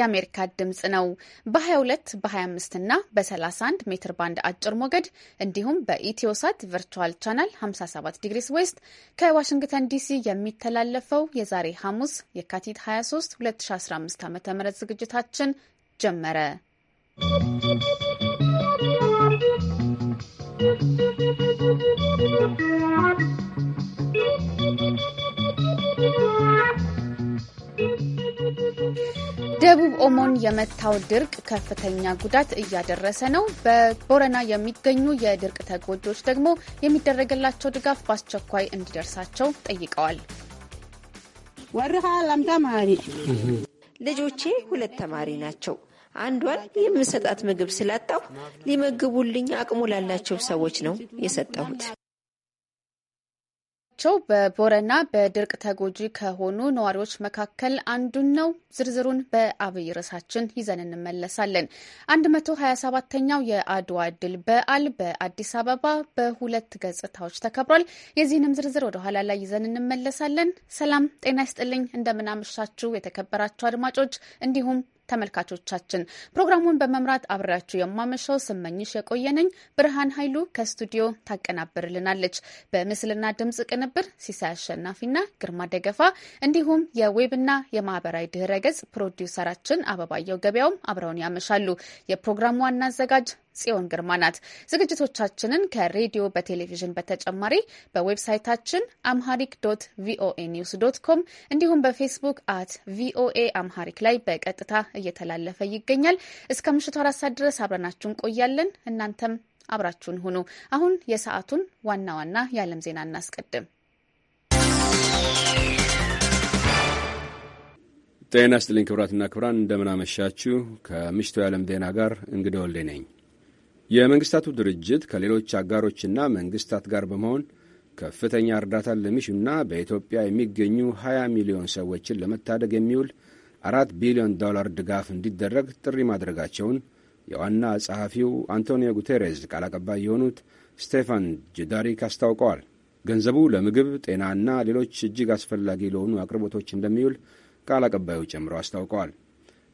የአሜሪካ ድምፅ ነው። በ22 በ25 እና በ31 ሜትር ባንድ አጭር ሞገድ እንዲሁም በኢትዮሳት ቨርቹዋል ቻናል 57 ዲግሪስ ዌስት ከዋሽንግተን ዲሲ የሚተላለፈው የዛሬ ሐሙስ የካቲት 23 2015 ም ዝግጅታችን ጀመረ። ¶¶ ደቡብ ኦሞን የመታው ድርቅ ከፍተኛ ጉዳት እያደረሰ ነው። በቦረና የሚገኙ የድርቅ ተጎጂዎች ደግሞ የሚደረግላቸው ድጋፍ በአስቸኳይ እንዲደርሳቸው ጠይቀዋል። ወርሃ ለምተማሪ ልጆቼ ሁለት ተማሪ ናቸው። አንዷን የምሰጣት ምግብ ስላጣሁ ሊመግቡልኝ አቅሙ ላላቸው ሰዎች ነው የሰጠሁት። ቸው በቦረና በድርቅ ተጎጂ ከሆኑ ነዋሪዎች መካከል አንዱን ነው። ዝርዝሩን በአብይ ርዕሳችን ይዘን እንመለሳለን። 127ኛው የአድዋ ድል በዓል በአዲስ አበባ በሁለት ገጽታዎች ተከብሯል። የዚህንም ዝርዝር ወደ ኋላ ላይ ይዘን እንመለሳለን። ሰላም ጤና ይስጥልኝ። እንደምናመሻችሁ የተከበራችሁ አድማጮች እንዲሁም ተመልካቾቻችን ፕሮግራሙን በመምራት አብሬያችሁ የማመሻው ስመኝሽ የቆየነኝ ብርሃን ኃይሉ ከስቱዲዮ ታቀናብርልናለች። በምስልና ድምጽ ቅንብር ሲሳይ አሸናፊና ግርማ ደገፋ እንዲሁም የዌብና የማህበራዊ ድህረ ገጽ ፕሮዲውሰራችን አበባየው ገበያውም አብረውን ያመሻሉ። የፕሮግራሙ ዋና አዘጋጅ ጽዮን ግርማ ናት። ዝግጅቶቻችንን ከሬዲዮ በቴሌቪዥን በተጨማሪ በዌብሳይታችን አምሃሪክ ዶት ቪኦኤ ኒውስ ዶት ኮም እንዲሁም በፌስቡክ አት ቪኦኤ አምሃሪክ ላይ በቀጥታ እየተላለፈ ይገኛል። እስከ ምሽቱ አራት ሰዓት ድረስ አብረናችሁ እንቆያለን። እናንተም አብራችሁን ሁኑ። አሁን የሰዓቱን ዋና ዋና የዓለም ዜና እናስቀድም። ጤና ይስጥልኝ ክብራትና ክብራን እንደምናመሻችሁ። ከምሽቱ የዓለም ዜና ጋር እንግዳ ወልዴ ነኝ። የመንግስታቱ ድርጅት ከሌሎች አጋሮችና መንግስታት ጋር በመሆን ከፍተኛ እርዳታን ለሚሹና በኢትዮጵያ የሚገኙ 20 ሚሊዮን ሰዎችን ለመታደግ የሚውል አራት ቢሊዮን ዶላር ድጋፍ እንዲደረግ ጥሪ ማድረጋቸውን የዋና ጸሐፊው አንቶኒዮ ጉቴሬዝ ቃል አቀባይ የሆኑት ስቴፋን ጅዳሪክ አስታውቀዋል። ገንዘቡ ለምግብ፣ ጤናና ሌሎች እጅግ አስፈላጊ ለሆኑ አቅርቦቶች እንደሚውል ቃል አቀባዩ ጨምረው አስታውቀዋል።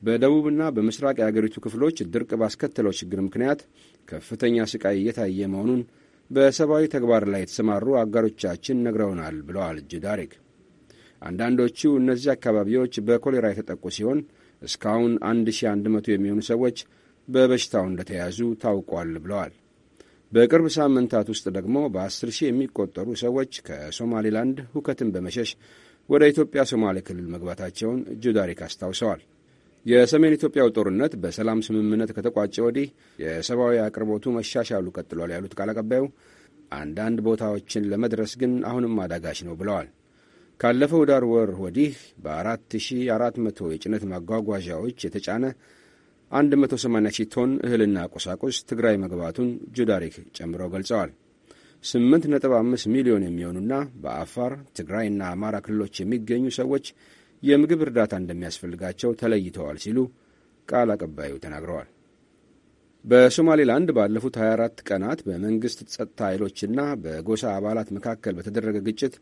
በደቡብና በምስራቅ የአገሪቱ ክፍሎች ድርቅ ባስከተለው ችግር ምክንያት ከፍተኛ ስቃይ እየታየ መሆኑን በሰብአዊ ተግባር ላይ የተሰማሩ አጋሮቻችን ነግረውናል ብለዋል ጅዳሪክ። አንዳንዶቹ እነዚህ አካባቢዎች በኮሌራ የተጠቁ ሲሆን እስካሁን 1100 የሚሆኑ ሰዎች በበሽታው እንደተያዙ ታውቋል ብለዋል። በቅርብ ሳምንታት ውስጥ ደግሞ በ10 ሺህ የሚቆጠሩ ሰዎች ከሶማሌላንድ ሁከትን በመሸሽ ወደ ኢትዮጵያ ሶማሌ ክልል መግባታቸውን ጁዳሪክ አስታውሰዋል። የሰሜን ኢትዮጵያው ጦርነት በሰላም ስምምነት ከተቋጨ ወዲህ የሰብአዊ አቅርቦቱ መሻሻሉ ቀጥሏል ያሉት ቃል አቀባዩ አንዳንድ ቦታዎችን ለመድረስ ግን አሁንም አዳጋች ነው ብለዋል። ካለፈው ዳር ወር ወዲህ በ4400 የጭነት ማጓጓዣዎች የተጫነ 180 ሺህ ቶን እህልና ቁሳቁስ ትግራይ መግባቱን ጁዳሪክ ጨምረው ገልጸዋል። 8.5 ሚሊዮን የሚሆኑና በአፋር ትግራይና አማራ ክልሎች የሚገኙ ሰዎች የምግብ እርዳታ እንደሚያስፈልጋቸው ተለይተዋል ሲሉ ቃል አቀባዩ ተናግረዋል። በሶማሌላንድ ባለፉት 24 ቀናት በመንግሥት ጸጥታ ኃይሎችና በጎሳ አባላት መካከል በተደረገ ግጭት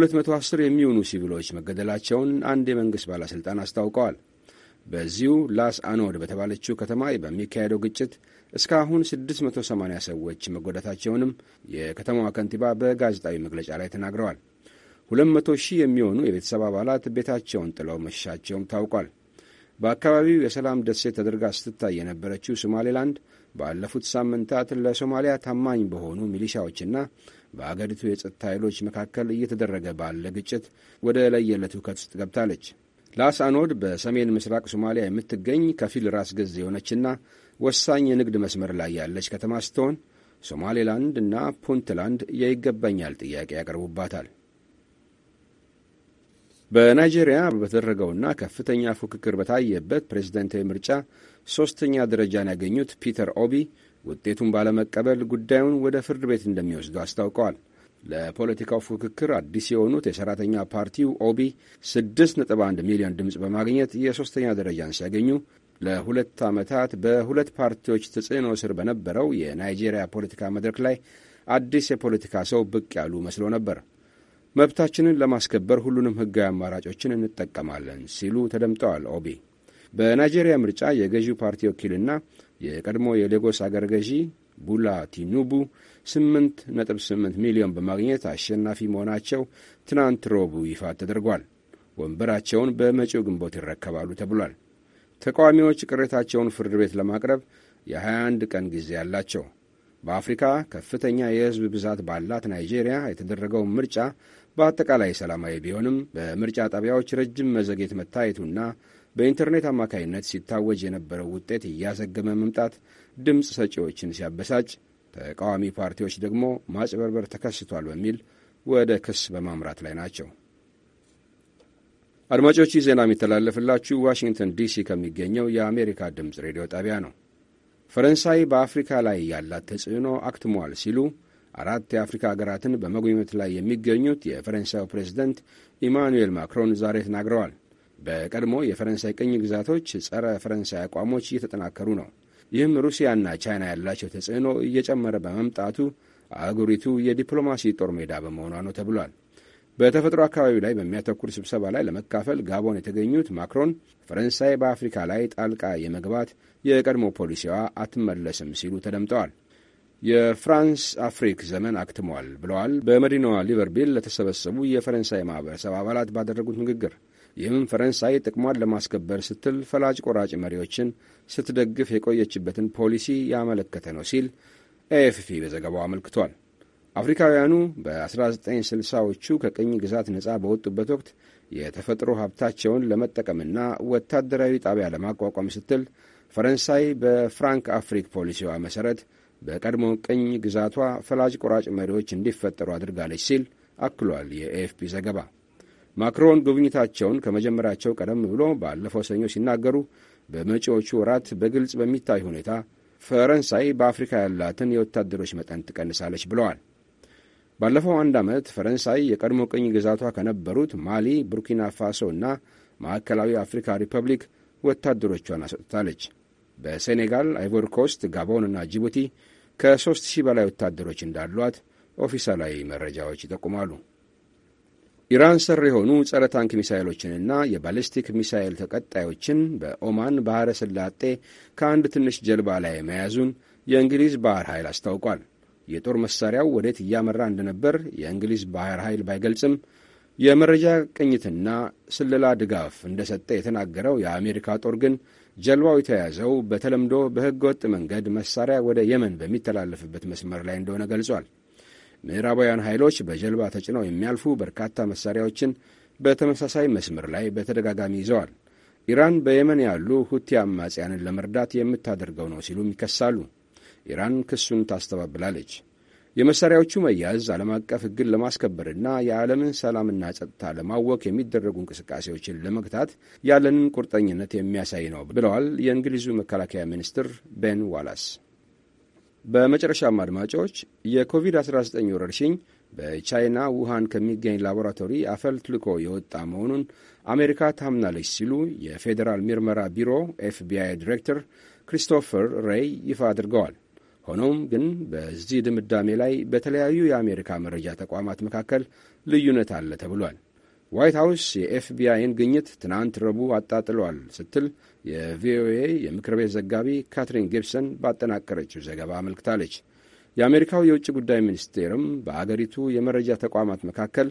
210 የሚሆኑ ሲቪሎች መገደላቸውን አንድ የመንግሥት ባለሥልጣን አስታውቀዋል። በዚሁ ላስ አኖድ በተባለችው ከተማ በሚካሄደው ግጭት እስካሁን 680 ሰዎች መጎዳታቸውንም የከተማዋ ከንቲባ በጋዜጣዊ መግለጫ ላይ ተናግረዋል። ሁለት 00 ሺህ የሚሆኑ የቤተሰብ አባላት ቤታቸውን ጥለው መሻቸውም ታውቋል። በአካባቢው የሰላም ደሴት ተደርጋ ስትታይ የነበረችው ሶማሌላንድ ባለፉት ሳምንታት ለሶማሊያ ታማኝ በሆኑ ሚሊሻዎችና በአገሪቱ የጸጥታ ኃይሎች መካከል እየተደረገ ባለ ግጭት ወደ ለየለት ሁከት ውስጥ ገብታለች። ላስአኖድ በሰሜን ምስራቅ ሶማሊያ የምትገኝ ከፊል ራስ ገዝ የሆነችና ወሳኝ የንግድ መስመር ላይ ያለች ከተማ ስትሆን ሶማሌላንድ እና ፑንትላንድ የይገባኛል ጥያቄ ያቀርቡባታል። በናይጄሪያ በተደረገውና ከፍተኛ ፉክክር በታየበት ፕሬዝደንታዊ ምርጫ ሶስተኛ ደረጃን ያገኙት ፒተር ኦቢ ውጤቱን ባለመቀበል ጉዳዩን ወደ ፍርድ ቤት እንደሚወስዱ አስታውቀዋል። ለፖለቲካው ፉክክር አዲስ የሆኑት የሰራተኛ ፓርቲው ኦቢ 6.1 ሚሊዮን ድምፅ በማግኘት የሦስተኛ ደረጃን ሲያገኙ ለሁለት ዓመታት በሁለት ፓርቲዎች ተጽዕኖ ስር በነበረው የናይጄሪያ ፖለቲካ መድረክ ላይ አዲስ የፖለቲካ ሰው ብቅ ያሉ መስሎ ነበር። መብታችንን ለማስከበር ሁሉንም ህጋዊ አማራጮችን እንጠቀማለን ሲሉ ተደምጠዋል። ኦቢ በናይጄሪያ ምርጫ የገዢው ፓርቲ ወኪልና የቀድሞ የሌጎስ አገር ገዢ ቡላ ቲኑቡ 8.8 ሚሊዮን በማግኘት አሸናፊ መሆናቸው ትናንት ሮቡ ይፋ ተደርጓል። ወንበራቸውን በመጪው ግንቦት ይረከባሉ ተብሏል። ተቃዋሚዎች ቅሬታቸውን ፍርድ ቤት ለማቅረብ የ21 ቀን ጊዜ አላቸው። በአፍሪካ ከፍተኛ የህዝብ ብዛት ባላት ናይጄሪያ የተደረገውን ምርጫ በአጠቃላይ ሰላማዊ ቢሆንም በምርጫ ጣቢያዎች ረጅም መዘግየት መታየቱና በኢንተርኔት አማካይነት ሲታወጅ የነበረው ውጤት እያዘገመ መምጣት ድምፅ ሰጪዎችን ሲያበሳጭ፣ ተቃዋሚ ፓርቲዎች ደግሞ ማጭበርበር ተከስቷል በሚል ወደ ክስ በማምራት ላይ ናቸው። አድማጮቹ ዜና የሚተላለፍላችሁ ዋሽንግተን ዲሲ ከሚገኘው የአሜሪካ ድምፅ ሬዲዮ ጣቢያ ነው። ፈረንሳይ በአፍሪካ ላይ ያላት ተጽዕኖ አክትሟል ሲሉ አራት የአፍሪካ ሀገራትን በመጎብኘት ላይ የሚገኙት የፈረንሳዩ ፕሬዚደንት ኢማኑኤል ማክሮን ዛሬ ተናግረዋል። በቀድሞ የፈረንሳይ ቅኝ ግዛቶች ጸረ ፈረንሳይ አቋሞች እየተጠናከሩ ነው። ይህም ሩሲያና ቻይና ያላቸው ተጽዕኖ እየጨመረ በመምጣቱ አህጉሪቱ የዲፕሎማሲ ጦር ሜዳ በመሆኗ ነው ተብሏል። በተፈጥሮ አካባቢ ላይ በሚያተኩር ስብሰባ ላይ ለመካፈል ጋቦን የተገኙት ማክሮን ፈረንሳይ በአፍሪካ ላይ ጣልቃ የመግባት የቀድሞ ፖሊሲዋ አትመለስም ሲሉ ተደምጠዋል። የፍራንስ አፍሪክ ዘመን አክትሟል ብለዋል በመዲናዋ ሊቨርፒል ለተሰበሰቡ የፈረንሳይ ማኅበረሰብ አባላት ባደረጉት ንግግር። ይህም ፈረንሳይ ጥቅሟን ለማስከበር ስትል ፈላጭ ቆራጭ መሪዎችን ስትደግፍ የቆየችበትን ፖሊሲ ያመለከተ ነው ሲል ኤኤፍፒ በዘገባው አመልክቷል። አፍሪካውያኑ በ1960ዎቹ ከቅኝ ግዛት ነፃ በወጡበት ወቅት የተፈጥሮ ሀብታቸውን ለመጠቀምና ወታደራዊ ጣቢያ ለማቋቋም ስትል ፈረንሳይ በፍራንክ አፍሪክ ፖሊሲዋ መሠረት በቀድሞ ቅኝ ግዛቷ ፈላጭ ቆራጭ መሪዎች እንዲፈጠሩ አድርጋለች ሲል አክሏል የኤኤፍፒ ዘገባ። ማክሮን ጉብኝታቸውን ከመጀመራቸው ቀደም ብሎ ባለፈው ሰኞ ሲናገሩ በመጪዎቹ ወራት በግልጽ በሚታይ ሁኔታ ፈረንሳይ በአፍሪካ ያላትን የወታደሮች መጠን ትቀንሳለች ብለዋል። ባለፈው አንድ ዓመት ፈረንሳይ የቀድሞ ቅኝ ግዛቷ ከነበሩት ማሊ፣ ቡርኪና ፋሶ እና ማዕከላዊ አፍሪካ ሪፐብሊክ ወታደሮቿን አሰጥታለች። በሴኔጋል፣ አይቮሪ ኮስት፣ ጋቦን እና ጅቡቲ ከ3000 በላይ ወታደሮች እንዳሏት ኦፊሳላዊ መረጃዎች ይጠቁማሉ። ኢራን ስር የሆኑ ጸረ ታንክ ሚሳይሎችንና የባሊስቲክ ሚሳይል ተቀጣዮችን በኦማን ባሕረ ስላጤ ከአንድ ትንሽ ጀልባ ላይ መያዙን የእንግሊዝ ባህር ኃይል አስታውቋል። የጦር መሳሪያው ወዴት እያመራ እንደነበር የእንግሊዝ ባህር ኃይል ባይገልጽም የመረጃ ቅኝትና ስለላ ድጋፍ እንደሰጠ የተናገረው የአሜሪካ ጦር ግን ጀልባው የተያዘው በተለምዶ በሕገ ወጥ መንገድ መሳሪያ ወደ የመን በሚተላለፍበት መስመር ላይ እንደሆነ ገልጿል። ምዕራባውያን ኃይሎች በጀልባ ተጭነው የሚያልፉ በርካታ መሳሪያዎችን በተመሳሳይ መስመር ላይ በተደጋጋሚ ይዘዋል። ኢራን በየመን ያሉ ሁቲ አማጽያንን ለመርዳት የምታደርገው ነው ሲሉም ይከሳሉ። ኢራን ክሱን ታስተባብላለች። የመሳሪያዎቹ መያዝ ዓለም አቀፍ ሕግን ለማስከበርና የዓለምን ሰላምና ጸጥታ ለማወክ የሚደረጉ እንቅስቃሴዎችን ለመግታት ያለንን ቁርጠኝነት የሚያሳይ ነው ብለዋል የእንግሊዙ መከላከያ ሚኒስትር ቤን ዋላስ። በመጨረሻም አድማጮች የኮቪድ-19 ወረርሽኝ በቻይና ውሃን ከሚገኝ ላቦራቶሪ አፈልትልኮ የወጣ መሆኑን አሜሪካ ታምናለች ሲሉ የፌዴራል ምርመራ ቢሮ ኤፍቢአይ ዲሬክተር ክሪስቶፈር ሬይ ይፋ አድርገዋል። ሆኖም ግን በዚህ ድምዳሜ ላይ በተለያዩ የአሜሪካ መረጃ ተቋማት መካከል ልዩነት አለ ተብሏል። ዋይት ሀውስ የኤፍቢአይን ግኝት ትናንት ረቡዕ አጣጥሏል ስትል የቪኦኤ የምክር ቤት ዘጋቢ ካትሪን ጊብሰን ባጠናቀረችው ዘገባ አመልክታለች። የአሜሪካው የውጭ ጉዳይ ሚኒስቴርም በአገሪቱ የመረጃ ተቋማት መካከል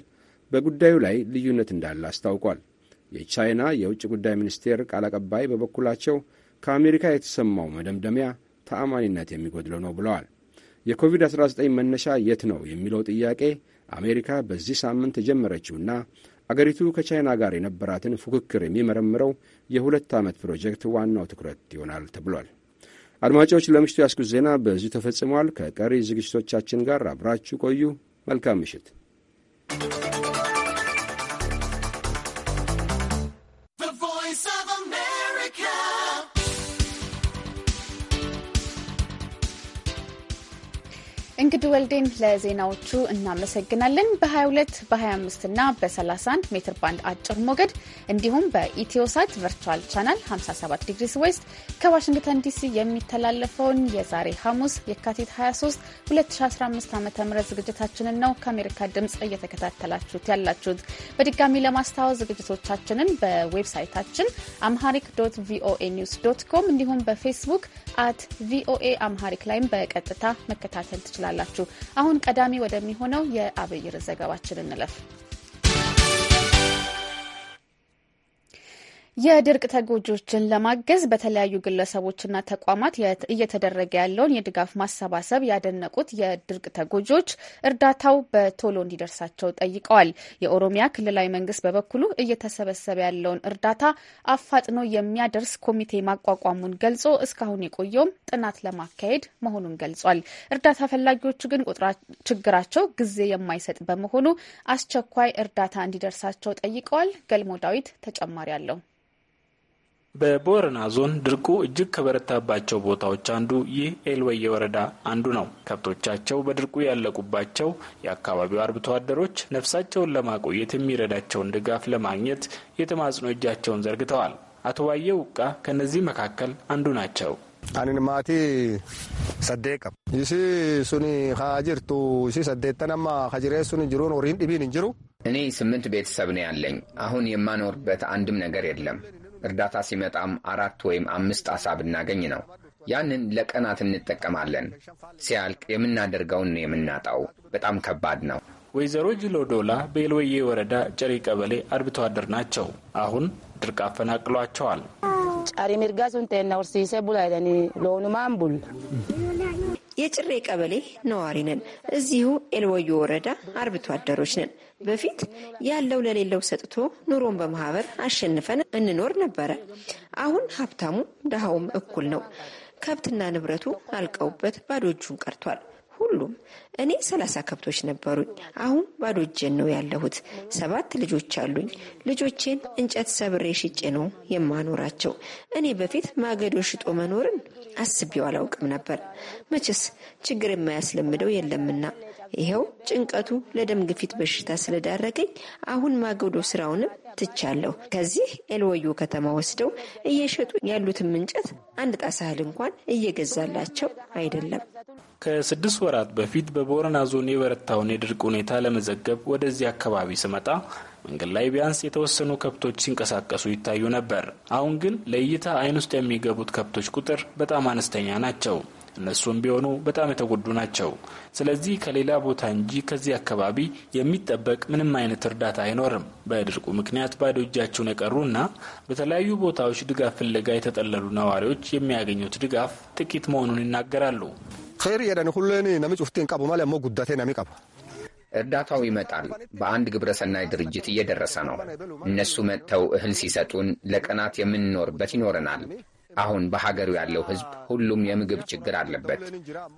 በጉዳዩ ላይ ልዩነት እንዳለ አስታውቋል። የቻይና የውጭ ጉዳይ ሚኒስቴር ቃል አቀባይ በበኩላቸው ከአሜሪካ የተሰማው መደምደሚያ ተአማኒነት የሚጎድለው ነው ብለዋል። የኮቪድ-19 መነሻ የት ነው የሚለው ጥያቄ አሜሪካ በዚህ ሳምንት የጀመረችውና አገሪቱ ከቻይና ጋር የነበራትን ፉክክር የሚመረምረው የሁለት ዓመት ፕሮጀክት ዋናው ትኩረት ይሆናል ተብሏል። አድማጮች፣ ለምሽቱ ያስኩት ዜና በዚሁ ተፈጽሟል። ከቀሪ ዝግጅቶቻችን ጋር አብራችሁ ቆዩ። መልካም ምሽት። ወልዴን ለዜናዎቹ እናመሰግናለን። በ22 በ25 እና በ31 ሜትር ባንድ አጭር ሞገድ እንዲሁም በኢትዮሳት ቨርቹዋል ቻናል 57 ዲግሪ ስዌስት ከዋሽንግተን ዲሲ የሚተላለፈውን የዛሬ ሐሙስ የካቲት 23 2015 ዓ ም ዝግጅታችንን ነው ከአሜሪካ ድምፅ እየተከታተላችሁት ያላችሁት። በድጋሚ ለማስታወስ ዝግጅቶቻችንን በዌብሳይታችን አምሃሪክ ዶት ቪኦኤ ኒውስ ዶት ኮም እንዲሁም በፌስቡክ አት ቪኦኤ አምሃሪክ ላይም በቀጥታ መከታተል ትችላላችሁ። አሁን ቀዳሚ ወደሚሆነው የአብይር ዘገባችን እንለፍ። የድርቅ ተጎጂዎችን ለማገዝ በተለያዩ ግለሰቦችና ተቋማት እየተደረገ ያለውን የድጋፍ ማሰባሰብ ያደነቁት የድርቅ ተጎጂዎች እርዳታው በቶሎ እንዲደርሳቸው ጠይቀዋል። የኦሮሚያ ክልላዊ መንግስት በበኩሉ እየተሰበሰበ ያለውን እርዳታ አፋጥኖ የሚያደርስ ኮሚቴ ማቋቋሙን ገልጾ እስካሁን የቆየውም ጥናት ለማካሄድ መሆኑን ገልጿል። እርዳታ ፈላጊዎቹ ግን ችግራቸው ጊዜ የማይሰጥ በመሆኑ አስቸኳይ እርዳታ እንዲደርሳቸው ጠይቀዋል። ገልሞ ዳዊት ተጨማሪ አለው። በቦረና ዞን ድርቁ እጅግ ከበረታባቸው ቦታዎች አንዱ ይህ ኤልወየ ወረዳ አንዱ ነው። ከብቶቻቸው በድርቁ ያለቁባቸው የአካባቢው አርብቶ አደሮች ነፍሳቸውን ለማቆየት የሚረዳቸውን ድጋፍ ለማግኘት የተማጽኖ እጃቸውን ዘርግተዋል። አቶ ዋዬ ውቃ ከእነዚህ መካከል አንዱ ናቸው። አንንማቲ ሰደቀ ይሲ ሱኒ ሀጅርቱ ይሲ ሰደተነማ ሀጅሬ ሱኒ ጅሩን ወሪን ዲቢን እንጅሩ እኔ ስምንት ቤተሰብ ነው ያለኝ። አሁን የማኖርበት አንድም ነገር የለም። እርዳታ ሲመጣም አራት ወይም አምስት አሳ ብናገኝ ነው። ያንን ለቀናት እንጠቀማለን። ሲያልቅ የምናደርገውን የምናጣው በጣም ከባድ ነው። ወይዘሮ ጅሎዶላ በኤልወዬ ወረዳ ጨሪ ቀበሌ አርብቶ አደር ናቸው። አሁን ድርቅ አፈናቅሏቸዋል። ጫሪ ሚርጋ ሱንቴና ቡላይለኒ ሎኑ ማንቡል የጭሬ ቀበሌ ነዋሪ ነን። እዚሁ ኤልወዮ ወረዳ አርብቶ አደሮች ነን። በፊት ያለው ለሌለው ሰጥቶ ኑሮን በማህበር አሸንፈን እንኖር ነበረ። አሁን ሀብታሙ ድሃውም እኩል ነው። ከብትና ንብረቱ አልቀውበት ባዶ እጁን ቀርቷል። ሁሉም እኔ ሰላሳ ከብቶች ነበሩኝ። አሁን ባዶ እጄን ነው ያለሁት። ሰባት ልጆች አሉኝ። ልጆቼን እንጨት ሰብሬ ሽጬ ነው የማኖራቸው። እኔ በፊት ማገዶ ሽጦ መኖርን አስቤው አላውቅም ነበር። መቼስ ችግር የማያስለምደው የለምና ይኸው ጭንቀቱ ለደም ግፊት በሽታ ስለዳረገኝ አሁን ማገዶ ስራውንም ትቻለሁ። ከዚህ ኤልወዮ ከተማ ወስደው እየሸጡ ያሉትን እንጨት አንድ ጣሳ እህል እንኳን እየገዛላቸው አይደለም። ከስድስት ወራት በፊት በቦረና ዞን የበረታውን የድርቅ ሁኔታ ለመዘገብ ወደዚህ አካባቢ ስመጣ መንገድ ላይ ቢያንስ የተወሰኑ ከብቶች ሲንቀሳቀሱ ይታዩ ነበር። አሁን ግን ለእይታ አይን ውስጥ የሚገቡት ከብቶች ቁጥር በጣም አነስተኛ ናቸው። እነሱም ቢሆኑ በጣም የተጎዱ ናቸው። ስለዚህ ከሌላ ቦታ እንጂ ከዚህ አካባቢ የሚጠበቅ ምንም አይነት እርዳታ አይኖርም። በድርቁ ምክንያት ባዶ እጃቸውን የቀሩና በተለያዩ ቦታዎች ድጋፍ ፍለጋ የተጠለሉ ነዋሪዎች የሚያገኙት ድጋፍ ጥቂት መሆኑን ይናገራሉ። ር የደን ሁሌን ነሚ ጩፍቴን ቀቡ ማለ ሞ ጉዳቴ ነሚ ቀቡ እርዳታው ይመጣል። በአንድ ግብረሰናይ ድርጅት እየደረሰ ነው። እነሱ መጥተው እህል ሲሰጡን ለቀናት የምንኖርበት ይኖረናል። አሁን በሀገሩ ያለው ህዝብ ሁሉም የምግብ ችግር አለበት።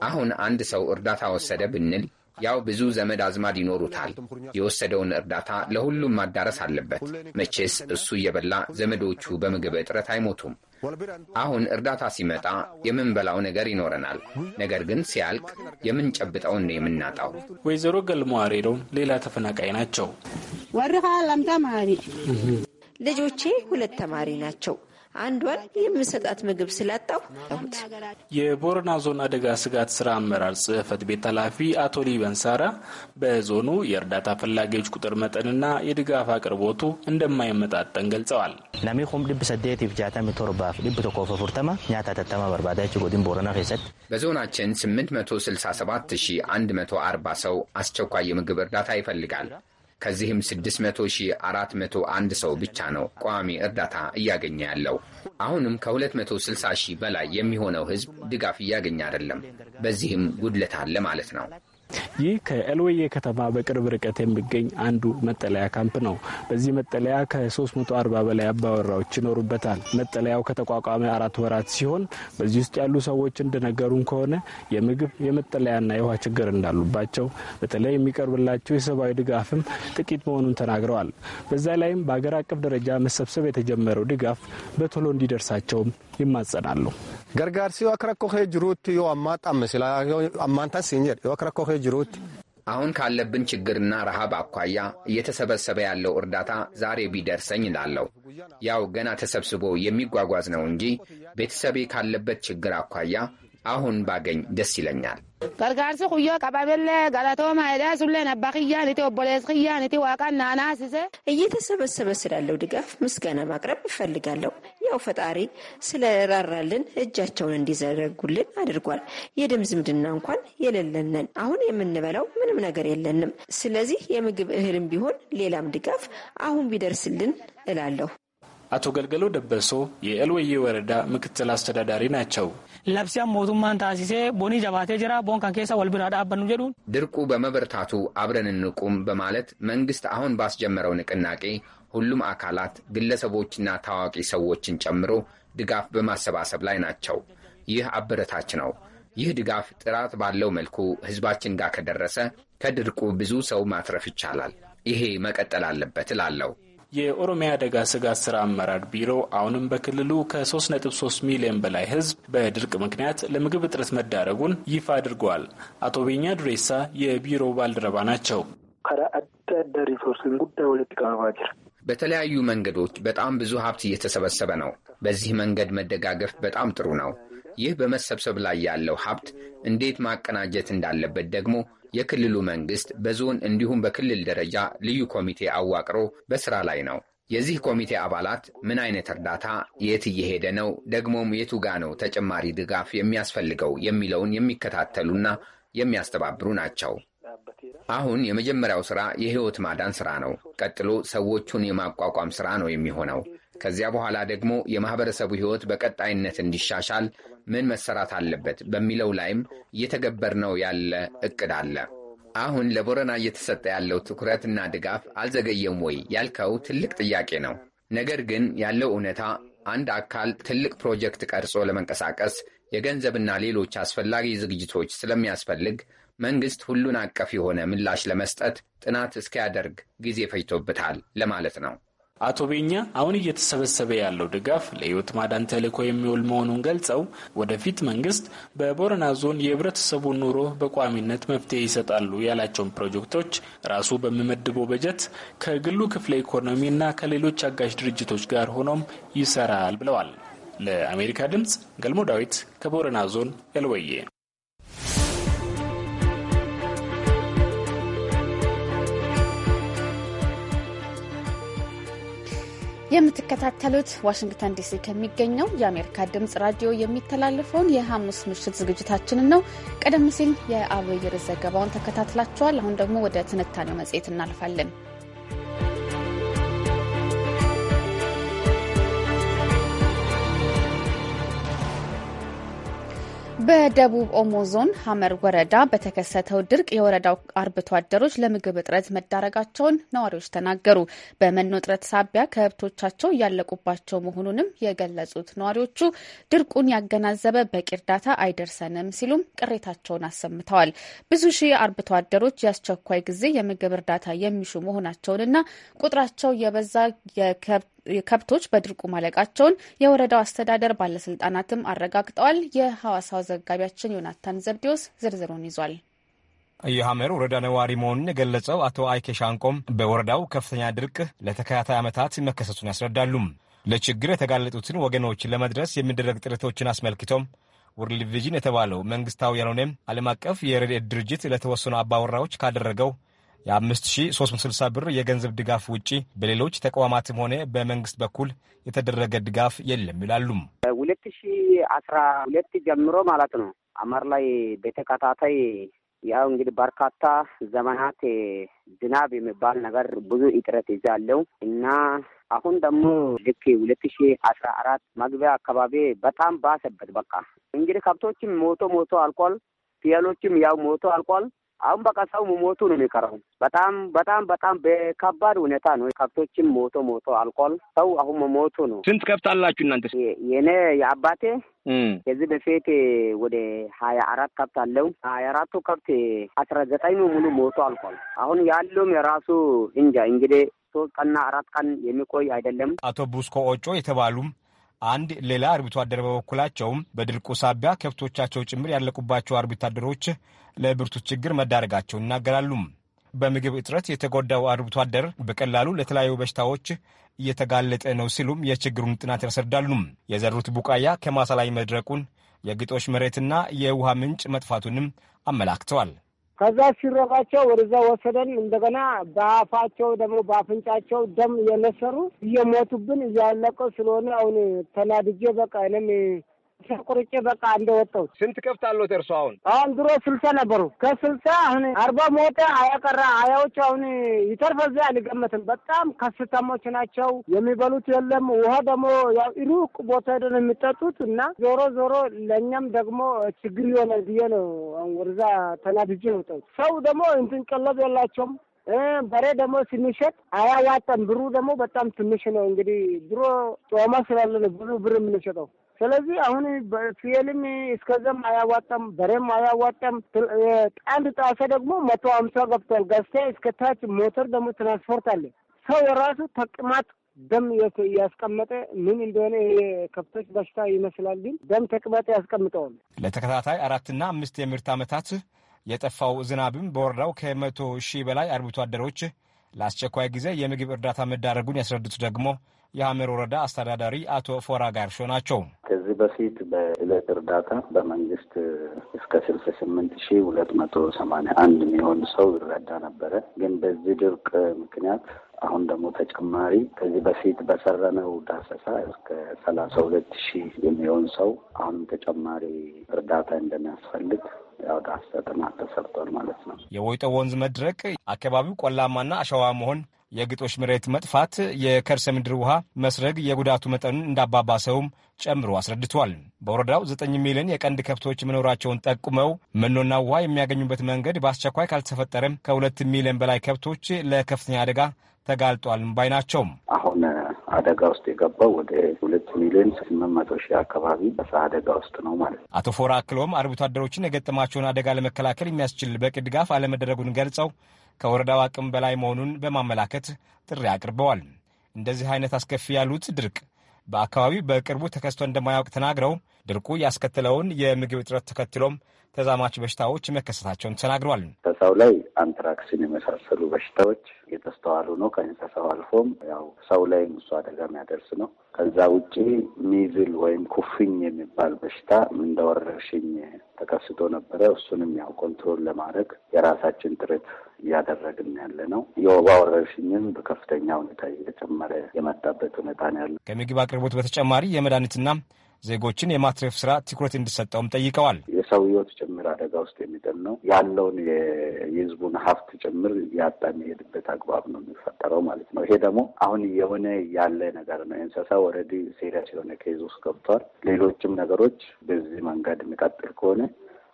አሁን አንድ ሰው እርዳታ ወሰደ ብንል ያው ብዙ ዘመድ አዝማድ ይኖሩታል። የወሰደውን እርዳታ ለሁሉም ማዳረስ አለበት። መቼስ እሱ እየበላ ዘመዶቹ በምግብ እጥረት አይሞቱም። አሁን እርዳታ ሲመጣ የምንበላው ነገር ይኖረናል። ነገር ግን ሲያልቅ የምንጨብጠውን ነው የምናጣው። ወይዘሮ ገልመዋሬዶም ሌላ ተፈናቃይ ናቸው። ልጆቼ ሁለት ተማሪ ናቸው። አንዷን የምሰጣት ምግብ ስላጣሁ አሁት። የቦረና ዞን አደጋ ስጋት ስራ አመራር ጽህፈት ቤት ኃላፊ አቶ ሊበንሳራ በዞኑ የእርዳታ ፈላጊዎች ቁጥር መጠንና የድጋፍ አቅርቦቱ እንደማይመጣጠን ገልጸዋል። በዞናችን 867140 ሰው አስቸኳይ የምግብ እርዳታ ይፈልጋል። ከዚህም 6401 ሰው ብቻ ነው ቋሚ እርዳታ እያገኘ ያለው። አሁንም ከ260 ሺህ በላይ የሚሆነው ህዝብ ድጋፍ እያገኘ አይደለም። በዚህም ጉድለት አለ ማለት ነው። ይህ ከኤልወዬ ከተማ በቅርብ ርቀት የሚገኝ አንዱ መጠለያ ካምፕ ነው። በዚህ መጠለያ ከ340 በላይ አባወራዎች ይኖሩበታል። መጠለያው ከተቋቋመ አራት ወራት ሲሆን በዚህ ውስጥ ያሉ ሰዎች እንደነገሩን ከሆነ የምግብ የመጠለያና የውሃ ችግር እንዳሉባቸው፣ በተለይ የሚቀርብላቸው የሰብአዊ ድጋፍም ጥቂት መሆኑን ተናግረዋል። በዛ ላይም በአገር አቀፍ ደረጃ መሰብሰብ የተጀመረው ድጋፍ በቶሎ እንዲደርሳቸውም ይማጸናሉ። ገርጋርሲ አክረኮሄ ጅሩት ዮ አማጣ መስላ አማንታ ሲኒር ዮ አክረኮሄ ጅሩት አሁን ካለብን ችግርና ረሃብ አኳያ እየተሰበሰበ ያለው እርዳታ ዛሬ ቢደርሰኝ እላለሁ። ያው ገና ተሰብስቦ የሚጓጓዝ ነው እንጂ ቤተሰቤ ካለበት ችግር አኳያ አሁን ባገኝ ደስ ይለኛል። ገርጋርሲ ኩዮ ቀባቤለ ገለቶማ ሱለ ነባክያ ንቲ ኦቦሌስክያ ንቲ ዋቃ ናናስሰ እየተሰበሰበ ስላለው ድጋፍ ምስጋና ማቅረብ እፈልጋለሁ። ያው ፈጣሪ ስለራራልን እጃቸውን እንዲዘረጉልን አድርጓል። የደም ዝምድና እንኳን የሌለንን አሁን የምንበላው ምንም ነገር የለንም። ስለዚህ የምግብ እህልም ቢሆን ሌላም ድጋፍ አሁን ቢደርስልን እላለሁ። አቶ ገልገሎ ደበሶ የኤልወዬ ወረዳ ምክትል አስተዳዳሪ ናቸው። ለብሲያ ሞቱማን ታሲሴ ቦኒ ጀባቴ ጅራ ቦን ካንኬሳ ወልብራ ዳበኑ ጀዱ ድርቁ በመበርታቱ አብረን እንቁም በማለት መንግስት አሁን ባስጀመረው ንቅናቄ ሁሉም አካላት ግለሰቦችና ታዋቂ ሰዎችን ጨምሮ ድጋፍ በማሰባሰብ ላይ ናቸው። ይህ አበረታች ነው። ይህ ድጋፍ ጥራት ባለው መልኩ ህዝባችን ጋር ከደረሰ ከድርቁ ብዙ ሰው ማትረፍ ይቻላል። ይሄ መቀጠል አለበት እላለሁ። የኦሮሚያ አደጋ ስጋት ስራ አመራር ቢሮ አሁንም በክልሉ ከ3.3 ሚሊዮን በላይ ህዝብ በድርቅ ምክንያት ለምግብ እጥረት መዳረጉን ይፋ አድርገዋል። አቶ ቤኛ ዱሬሳ የቢሮው ባልደረባ ናቸው። ከራ አዳ ሪሶርስን ጉዳይ ወለጥ ቀበባ ጅር በተለያዩ መንገዶች በጣም ብዙ ሀብት እየተሰበሰበ ነው። በዚህ መንገድ መደጋገፍ በጣም ጥሩ ነው። ይህ በመሰብሰብ ላይ ያለው ሀብት እንዴት ማቀናጀት እንዳለበት ደግሞ የክልሉ መንግስት በዞን እንዲሁም በክልል ደረጃ ልዩ ኮሚቴ አዋቅሮ በስራ ላይ ነው። የዚህ ኮሚቴ አባላት ምን አይነት እርዳታ የት እየሄደ ነው፣ ደግሞም የቱ ጋ ነው ተጨማሪ ድጋፍ የሚያስፈልገው የሚለውን የሚከታተሉና የሚያስተባብሩ ናቸው። አሁን የመጀመሪያው ስራ የህይወት ማዳን ስራ ነው። ቀጥሎ ሰዎቹን የማቋቋም ስራ ነው የሚሆነው። ከዚያ በኋላ ደግሞ የማህበረሰቡ ህይወት በቀጣይነት እንዲሻሻል ምን መሰራት አለበት በሚለው ላይም እየተገበር ነው ያለ እቅድ አለ። አሁን ለቦረና እየተሰጠ ያለው ትኩረትና ድጋፍ አልዘገየም ወይ ያልከው ትልቅ ጥያቄ ነው። ነገር ግን ያለው እውነታ አንድ አካል ትልቅ ፕሮጀክት ቀርጾ ለመንቀሳቀስ የገንዘብና ሌሎች አስፈላጊ ዝግጅቶች ስለሚያስፈልግ መንግሥት ሁሉን አቀፍ የሆነ ምላሽ ለመስጠት ጥናት እስኪያደርግ ጊዜ ፈጅቶበታል ለማለት ነው። አቶ ቤኛ አሁን እየተሰበሰበ ያለው ድጋፍ ለህይወት ማዳን ተልዕኮ የሚውል መሆኑን ገልጸው ወደፊት መንግስት በቦረና ዞን የህብረተሰቡን ኑሮ በቋሚነት መፍትሄ ይሰጣሉ ያላቸውን ፕሮጀክቶች ራሱ በሚመድበው በጀት ከግሉ ክፍለ ኢኮኖሚና ከሌሎች አጋዥ ድርጅቶች ጋር ሆኖም ይሰራል ብለዋል። ለአሜሪካ ድምፅ ገልሞ ዳዊት ከቦረና ዞን ኤልወዬ የምትከታተሉት ዋሽንግተን ዲሲ ከሚገኘው የአሜሪካ ድምጽ ራዲዮ የሚተላለፈውን የሐሙስ ምሽት ዝግጅታችንን ነው። ቀደም ሲል የአብይር ዘገባውን ተከታትላችኋል። አሁን ደግሞ ወደ ትንታኔው መጽሔት እናልፋለን። በደቡብ ኦሞ ዞን ሀመር ወረዳ በተከሰተው ድርቅ የወረዳው አርብቶ አደሮች ለምግብ እጥረት መዳረጋቸውን ነዋሪዎች ተናገሩ። በመኖ እጥረት ሳቢያ ከብቶቻቸው እያለቁባቸው መሆኑንም የገለጹት ነዋሪዎቹ ድርቁን ያገናዘበ በቂ እርዳታ አይደርሰንም ሲሉም ቅሬታቸውን አሰምተዋል። ብዙ ሺህ አርብቶ አደሮች የአስቸኳይ ጊዜ የምግብ እርዳታ የሚሹ መሆናቸውንና ቁጥራቸው የበዛ የከብት ከብቶች በድርቁ ማለቃቸውን የወረዳው አስተዳደር ባለስልጣናትም አረጋግጠዋል። የሐዋሳው ዘጋቢያችን ዮናታን ዘብዲዎስ ዝርዝሩን ይዟል። የሐመር ወረዳ ነዋሪ መሆኑን የገለጸው አቶ አይኬ ሻንቆም በወረዳው ከፍተኛ ድርቅ ለተከታታይ ዓመታት መከሰቱን ያስረዳሉ። ለችግር የተጋለጡትን ወገኖች ለመድረስ የሚደረግ ጥረቶችን አስመልክቶም ወርልድ ቪዥን የተባለው መንግስታዊ ያልሆነም ዓለም አቀፍ የረድኤት ድርጅት ለተወሰኑ አባወራዎች ካደረገው የ5360 ብር የገንዘብ ድጋፍ ውጪ በሌሎች ተቋማትም ሆነ በመንግስት በኩል የተደረገ ድጋፍ የለም ይላሉም። ሁለት ሺ አስራ ሁለት ጀምሮ ማለት ነው አማር ላይ በተከታታይ ያው እንግዲህ በርካታ ዘመናት ዝናብ የሚባል ነገር ብዙ እጥረት ይዛለው እና አሁን ደግሞ ልክ ሁለት ሺ አስራ አራት መግቢያ አካባቢ በጣም ባሰበት። በቃ እንግዲህ ከብቶችም ሞቶ ሞቶ አልቋል። ፍየሎችም ያው ሞቶ አልቋል። አሁን በቃ ሰው ሞቱ ነው የሚቀረው። በጣም በጣም በጣም በከባድ ሁኔታ ነው። ከብቶችም ሞቶ ሞቶ አልቋል። ሰው አሁን ሞቱ ነው። ስንት ከብት አላችሁ እናንተ? የኔ የአባቴ ከዚህ በፊት ወደ ሀያ አራት ከብት አለው። ሀያ አራቱ ከብት አስራ ዘጠኝ ሙሉ ሞቶ አልቋል። አሁን ያለውም የራሱ እንጃ እንግዲህ ሶስት ቀንና አራት ቀን የሚቆይ አይደለም። አቶ ቡስኮ ኦጮ የተባሉም አንድ ሌላ አርብቶ አደር በበኩላቸውም በድርቁ ሳቢያ ከብቶቻቸው ጭምር ያለቁባቸው አርብቶ አደሮች ለብርቱ ችግር መዳረጋቸው ይናገራሉ። በምግብ እጥረት የተጎዳው አርብቶ አደር በቀላሉ ለተለያዩ በሽታዎች እየተጋለጠ ነው ሲሉም የችግሩን ጥናት ያስረዳሉ። የዘሩት ቡቃያ ከማሳ ላይ መድረቁን፣ የግጦሽ መሬትና የውሃ ምንጭ መጥፋቱንም አመላክተዋል። ከዛ ሲረባቸው ወደዛ ወሰደን። እንደገና በአፋቸው ደግሞ በአፍንጫቸው ደም እየነሰሩ እየሞቱብን እያለቀ ስለሆነ አሁን ተናድጄ በቃ እኔም ቁርጬ በቃ እንደወጣው። ስንት ከብት አለት እርሶ? አሁን አሁን ድሮ ስልሳ ነበሩ። ከስልሳ አሁን አርባ ሞተ። አያቀራ አያዎች አሁን ይተርፈ ዚ አልገመትም። በጣም ከስተሞች ናቸው። የሚበሉት የለም። ውሃ ደግሞ ሩቅ ቦታ ሄደን የሚጠጡት እና ዞሮ ዞሮ ለእኛም ደግሞ ችግር የሆነ ብዬ ነው ወርዛ ተናድጄ ወጣሁ። ሰው ደግሞ እንትን ቀለብ የላቸውም። በሬ ደግሞ ስንሸጥ አያዋጠም ብሩ ደግሞ በጣም ትንሽ ነው። እንግዲህ ድሮ ጮማ ስላለ ነው ብዙ ብር የምንሸጠው። ስለዚህ አሁን ፍየልም እስከዛም አያዋጣም፣ በሬም አያዋጣም። አንድ ጣሳ ደግሞ መቶ ሀምሳ ገብቷል። እስከ እስከታች ሞተር ደግሞ ትራንስፖርት አለ። ሰው የራሱ ተቅማጥ ደም ያስቀመጠ ምን እንደሆነ የከብቶች በሽታ ይመስላል፣ ግን ደም ተቅበጠ ያስቀምጠዋል። ለተከታታይ አራትና አምስት የምርት ዓመታት የጠፋው ዝናብም በወረዳው ከመቶ ሺህ በላይ አርብቶ አደሮች ለአስቸኳይ ጊዜ የምግብ እርዳታ መዳረጉን ያስረዱት ደግሞ የሐመር ወረዳ አስተዳዳሪ አቶ ፎራ ጋርሾ ናቸው። ከዚህ በፊት በእለት እርዳታ በመንግስት እስከ ስልሳ ስምንት ሺህ ሁለት መቶ ሰማንያ አንድ የሚሆን ሰው ይረዳ ነበረ። ግን በዚህ ድርቅ ምክንያት አሁን ደግሞ ተጨማሪ ከዚህ በፊት በሰረነው ዳሰሳ እስከ ሰላሳ ሁለት ሺህ የሚሆን ሰው አሁን ተጨማሪ እርዳታ እንደሚያስፈልግ ያው ጥናት ተሰርቷል ማለት ነው። የወይጦ ወንዝ መድረቅ፣ አካባቢው ቆላማና አሸዋ መሆን የግጦሽ መሬት መጥፋት፣ የከርሰ ምድር ውሃ መስረግ የጉዳቱ መጠኑን እንዳባባሰውም ጨምሮ አስረድቷል። በወረዳው ዘጠኝ ሚሊዮን የቀንድ ከብቶች መኖራቸውን ጠቁመው መኖና ውሃ የሚያገኙበት መንገድ በአስቸኳይ ካልተፈጠረም ከሁለት ሚሊዮን በላይ ከብቶች ለከፍተኛ አደጋ ተጋልጧልም ባይ ናቸውም። አሁን አደጋ ውስጥ የገባው ወደ ሁለት ሚሊዮን ስምንት መቶ ሺህ አካባቢ በሳ አደጋ ውስጥ ነው ማለት ነው። አቶ ፎራ አክሎም አርብቶ አደሮችን የገጠማቸውን አደጋ ለመከላከል የሚያስችል በቂ ድጋፍ አለመደረጉን ገልጸው ከወረዳው አቅም በላይ መሆኑን በማመላከት ጥሪ አቅርበዋል። እንደዚህ አይነት አስከፊ ያሉት ድርቅ በአካባቢው በቅርቡ ተከስቶ እንደማያውቅ ተናግረው ድርቁ ያስከተለውን የምግብ እጥረት ተከትሎም ተዛማች በሽታዎች መከሰታቸውን ተናግሯል። እንስሳው ላይ አንትራክስን የመሳሰሉ በሽታዎች የተስተዋሉ ነው። ከእንስሳው አልፎም ያው ሰው ላይም እሱ አደጋ የሚያደርስ ነው። ከዛ ውጭ ሚዝል ወይም ኩፍኝ የሚባል በሽታ እንደ ወረርሽኝ ተከስቶ ነበረ። እሱንም ያው ኮንትሮል ለማድረግ የራሳችን ጥረት እያደረግን ያለ ነው። የወባ ወረርሽኝም በከፍተኛ ሁኔታ እየጨመረ የመጣበት ሁኔታ ነው ያለ ከምግብ አቅርቦት በተጨማሪ የመድኃኒትና ዜጎችን የማትረፍ ስራ ትኩረት እንዲሰጠውም ጠይቀዋል። የሰው ህይወት ጭምር አደጋ ውስጥ የሚጥል ነው። ያለውን የህዝቡን ሀብት ጭምር ያጣ የሚሄድበት አግባብ ነው የሚፈጠረው ማለት ነው። ይሄ ደግሞ አሁን የሆነ ያለ ነገር ነው። እንስሳ ወረዲ ሴሪያስ የሆነ ከይዝ ውስጥ ገብቷል። ሌሎችም ነገሮች በዚህ መንገድ የሚቀጥል ከሆነ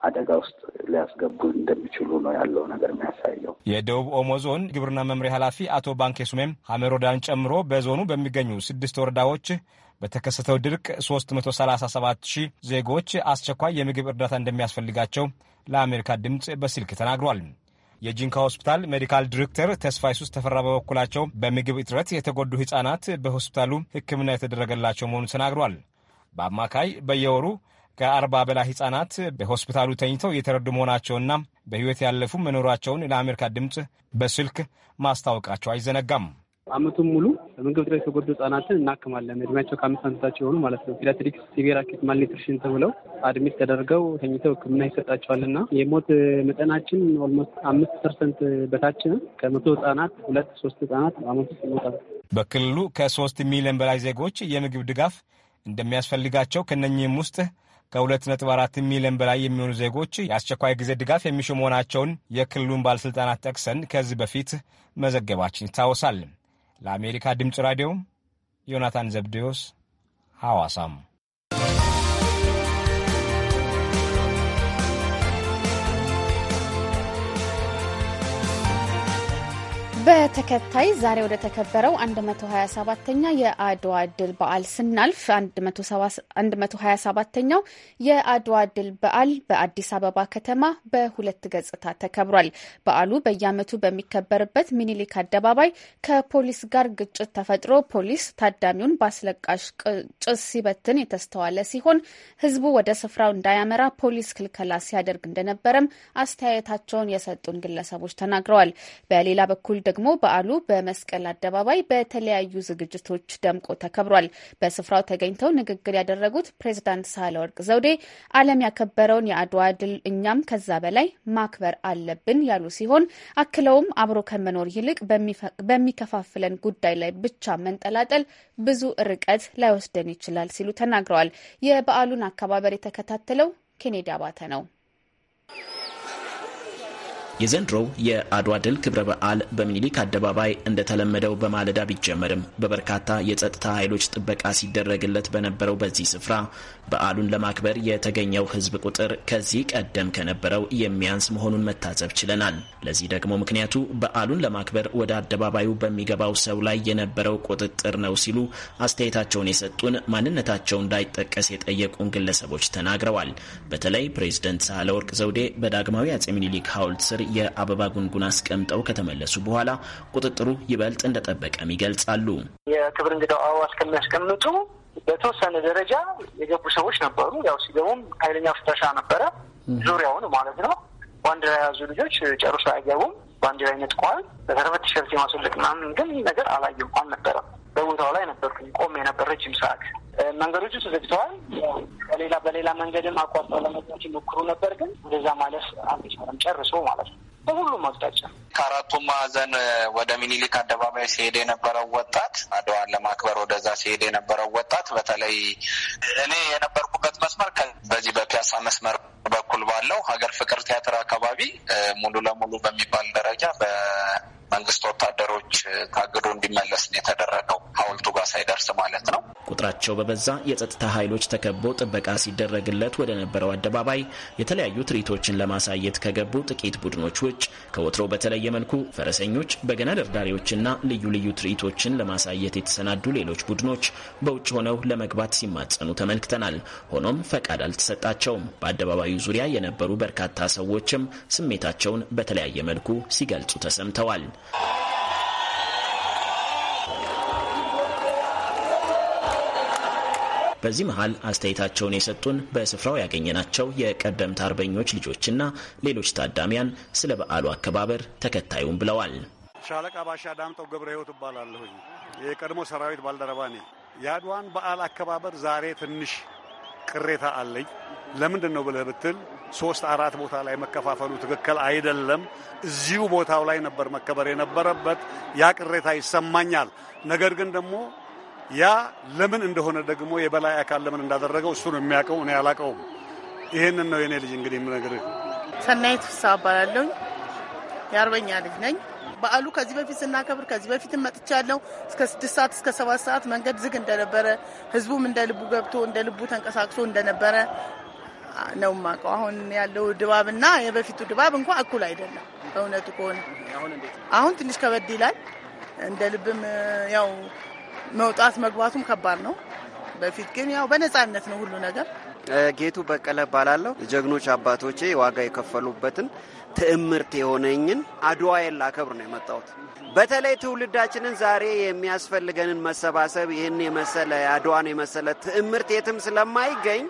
አደጋ ውስጥ ሊያስገቡ እንደሚችሉ ነው ያለው ነገር የሚያሳየው። የደቡብ ኦሞ ዞን ግብርና መምሪያ ኃላፊ አቶ ባንኬ ሱሜም ሀሜሮዳን ጨምሮ በዞኑ በሚገኙ ስድስት ወረዳዎች በተከሰተው ድርቅ 337 ሺህ ዜጎች አስቸኳይ የምግብ እርዳታ እንደሚያስፈልጋቸው ለአሜሪካ ድምፅ በስልክ ተናግሯል። የጂንካ ሆስፒታል ሜዲካል ዲሬክተር ተስፋይ ሱስ ተፈራ በበኩላቸው በምግብ እጥረት የተጎዱ ህጻናት በሆስፒታሉ ሕክምና የተደረገላቸው መሆኑን ተናግሯል። በአማካይ በየወሩ ከአርባ በላይ ህጻናት በሆስፒታሉ ተኝተው የተረዱ መሆናቸውና በህይወት ያለፉ መኖራቸውን ለአሜሪካ ድምፅ በስልክ ማስታወቃቸው አይዘነጋም። አመቱን ሙሉ በምግብ እጥረት የተጎዱ ህጻናትን እናክማለን። እድሜያቸው ከአምስት አመታቸው የሆኑ ማለት ነው። ፒዲያትሪክስ ሲቪር አኪዩት ማልኒትሪሽን ተብለው አድሚት ተደርገው ተኝተው ይሰጣቸዋል ይሰጣቸዋልና የሞት መጠናችን ኦልሞስት አምስት ፐርሰንት በታች ነው። ከመቶ ህጻናት ሁለት ሶስት ህጻናት አመት ውስጥ ይሞታል። በክልሉ ከሶስት ሚሊዮን በላይ ዜጎች የምግብ ድጋፍ እንደሚያስፈልጋቸው ከነኚህም ውስጥ ከ2.4 ሚሊዮን በላይ የሚሆኑ ዜጎች የአስቸኳይ ጊዜ ድጋፍ የሚሹ መሆናቸውን የክልሉን ባለሥልጣናት ጠቅሰን ከዚህ በፊት መዘገባችን ይታወሳል። ለአሜሪካ ድምፅ ራዲዮ ዮናታን ዘብዴዎስ ሐዋሳም በተከታይ ዛሬ ወደ ተከበረው 127ኛ የአድዋ ድል በዓል ስናልፍ 127ኛው የአድዋ ድል በዓል በአዲስ አበባ ከተማ በሁለት ገጽታ ተከብሯል። በዓሉ በየዓመቱ በሚከበርበት ሚኒሊክ አደባባይ ከፖሊስ ጋር ግጭት ተፈጥሮ ፖሊስ ታዳሚውን በአስለቃሽ ጭስ ሲበትን የተስተዋለ ሲሆን ሕዝቡ ወደ ስፍራው እንዳያመራ ፖሊስ ክልከላ ሲያደርግ እንደነበረም አስተያየታቸውን የሰጡን ግለሰቦች ተናግረዋል። በሌላ በኩል ደግሞ በዓሉ በመስቀል አደባባይ በተለያዩ ዝግጅቶች ደምቆ ተከብሯል። በስፍራው ተገኝተው ንግግር ያደረጉት ፕሬዚዳንት ሳህለወርቅ ዘውዴ ዓለም ያከበረውን የአድዋ ድል እኛም ከዛ በላይ ማክበር አለብን ያሉ ሲሆን አክለውም አብሮ ከመኖር ይልቅ በሚከፋፍለን ጉዳይ ላይ ብቻ መንጠላጠል ብዙ ርቀት ላይወስደን ይችላል ሲሉ ተናግረዋል። የበዓሉን አከባበር የተከታተለው ኬኔዲ አባተ ነው። የዘንድሮው የአድዋ ድል ክብረ በዓል በሚኒሊክ አደባባይ እንደተለመደው በማለዳ ቢጀመርም በበርካታ የጸጥታ ኃይሎች ጥበቃ ሲደረግለት በነበረው በዚህ ስፍራ በዓሉን ለማክበር የተገኘው ሕዝብ ቁጥር ከዚህ ቀደም ከነበረው የሚያንስ መሆኑን መታዘብ ችለናል። ለዚህ ደግሞ ምክንያቱ በዓሉን ለማክበር ወደ አደባባዩ በሚገባው ሰው ላይ የነበረው ቁጥጥር ነው ሲሉ አስተያየታቸውን የሰጡን ማንነታቸው እንዳይጠቀስ የጠየቁን ግለሰቦች ተናግረዋል። በተለይ ፕሬዝደንት ሳህለወርቅ ዘውዴ በዳግማዊ አጼ ሚኒሊክ ሐውልት ስር የአበባ ጉንጉን አስቀምጠው ከተመለሱ በኋላ ቁጥጥሩ ይበልጥ እንደጠበቀም ይገልጻሉ። የክብር እንግዳው አበባ እስከሚያስቀምጡ በተወሰነ ደረጃ የገቡ ሰዎች ነበሩ። ያው ሲገቡም ኃይለኛ ፍተሻ ነበረ፣ ዙሪያውን ማለት ነው። ባንዲራ የያዙ ልጆች ጨርሶ አይገቡም። ባንዲራ ይነጥቀዋል። በተረፈ ቲሸርት የማስወለቅ ምናምን ግን ነገር አላየሁም፣ አልነበረም። በቦታው ላይ ነበርኩኝ፣ ቆሜ ነበር ረጅም ሰዓት። መንገዶቹ ተዘግተዋል። በሌላ በሌላ መንገድም አቋርጠው ለመግባት ይሞክሩ ነበር፣ ግን ወደዛ ማለፍ አልተቻለም፣ ጨርሶ ማለት ነው። አቅጣጫ ከአራቱም ማዕዘን ወደ ሚኒሊክ አደባባይ ሲሄድ የነበረው ወጣት አድዋን ለማክበር ወደዛ ሲሄድ የነበረው ወጣት በተለይ እኔ የነበርኩበት መስመር በዚህ በፒያሳ መስመር በኩል ባለው ሀገር ፍቅር ቲያትር አካባቢ ሙሉ ለሙሉ በሚባል ደረጃ በመንግስት ወታደሮች ታግዶ እንዲመለስ ነው የተደረገው። ሀውልቱ ጋር ሳይደርስ ማለት ነው። ቁጥራቸው በበዛ የጸጥታ ኃይሎች ተከቦ ጥበቃ ሲደረግለት ወደ ነበረው አደባባይ የተለያዩ ትርኢቶችን ለማሳየት ከገቡ ጥቂት ቡድኖች ውጭ ከወትሮ በተለየ መልኩ ፈረሰኞች፣ በገና ደርዳሪዎችና ልዩ ልዩ ትርኢቶችን ለማሳየት የተሰናዱ ሌሎች ቡድኖች በውጭ ሆነው ለመግባት ሲማጸኑ ተመልክተናል። ሆኖም ፈቃድ አልተሰጣቸውም። በአደባባዩ ዙሪያ የነበሩ በርካታ ሰዎችም ስሜታቸውን በተለያየ መልኩ ሲገልጹ ተሰምተዋል። በዚህ መሀል አስተያየታቸውን የሰጡን በስፍራው ያገኘናቸው የቀደምት አርበኞች ልጆችና ሌሎች ታዳሚያን ስለ በዓሉ አከባበር ተከታዩም ብለዋል። ሻለቃ ባሻ ዳምጠው ገብረ ህይወት እባላለሁኝ። የቀድሞ ሰራዊት ባልደረባ ነኝ። የአድዋን በዓል አከባበር ዛሬ ትንሽ ቅሬታ አለኝ። ለምንድን ነው ብለህ ብትል ሶስት አራት ቦታ ላይ መከፋፈሉ ትክክል አይደለም። እዚሁ ቦታው ላይ ነበር መከበር የነበረበት። ያ ቅሬታ ይሰማኛል። ነገር ግን ደግሞ ያ ለምን እንደሆነ ደግሞ የበላይ አካል ለምን እንዳደረገው እሱ ነው የሚያውቀው፣ እኔ አላውቀውም። ይህንን ነው የኔ ልጅ እንግዲህ የምነግርህ። ሰናይት ፍስሀ እባላለሁ። የአርበኛ ልጅ ነኝ። በዓሉ ከዚህ በፊት ስናከብር ከዚህ በፊት መጥቻለሁ። እስከ ስድስት ሰዓት እስከ ሰባት ሰዓት መንገድ ዝግ እንደነበረ ህዝቡም እንደ ልቡ ገብቶ እንደ ልቡ ተንቀሳቅሶ እንደነበረ ነው የማውቀው። አሁን ያለው ድባብና የበፊቱ ድባብ እንኳ እኩል አይደለም። በእውነቱ ከሆነ አሁን ትንሽ ከበድ ይላል። እንደ ልብም ያው መውጣት መግባቱም ከባድ ነው። በፊት ግን ያው በነጻነት ነው ሁሉ ነገር። ጌቱ በቀለ ባላለሁ ጀግኖች አባቶቼ ዋጋ የከፈሉበትን ትዕምርት የሆነኝን አድዋዬን ላከብር ነው የመጣሁት። በተለይ ትውልዳችንን ዛሬ የሚያስፈልገንን መሰባሰብ ይህን የመሰለ አድዋን የመሰለ ትዕምርት የትም ስለማይገኝ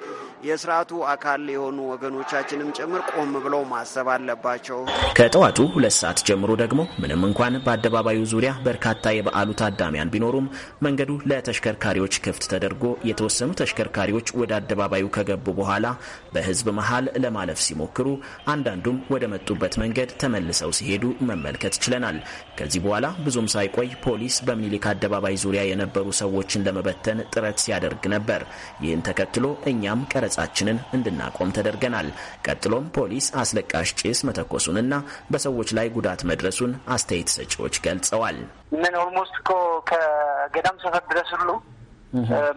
የስርዓቱ አካል የሆኑ ወገኖቻችንም ጭምር ቆም ብለው ማሰብ አለባቸው። ከጠዋቱ ሁለት ሰዓት ጀምሮ ደግሞ ምንም እንኳን በአደባባዩ ዙሪያ በርካታ የበዓሉ ታዳሚያን ቢኖሩም መንገዱ ለተሽከርካሪዎች ክፍት ተደርጎ የተወሰኑ ተሽከርካሪዎች ወደ አደባባዩ ከገቡ በኋላ በህዝብ መሃል ለማለፍ ሲሞክሩ፣ አንዳንዱም ወደ መጡበት መንገድ ተመልሰው ሲሄዱ መመልከት ችለናል። ከዚህ በኋላ ብዙም ሳይቆይ ፖሊስ በምኒልክ አደባባይ ዙሪያ የነበሩ ሰዎችን ለመበተን ጥረት ሲያደርግ ነበር። ይህን ተከትሎ እኛም ቀረ መግለጻችንን እንድናቆም ተደርገናል። ቀጥሎም ፖሊስ አስለቃሽ ጭስ መተኮሱንና በሰዎች ላይ ጉዳት መድረሱን አስተያየት ሰጪዎች ገልጸዋል። ምን ኦልሞስት እኮ ከገዳም ሰፈር ድረስ ሁሉ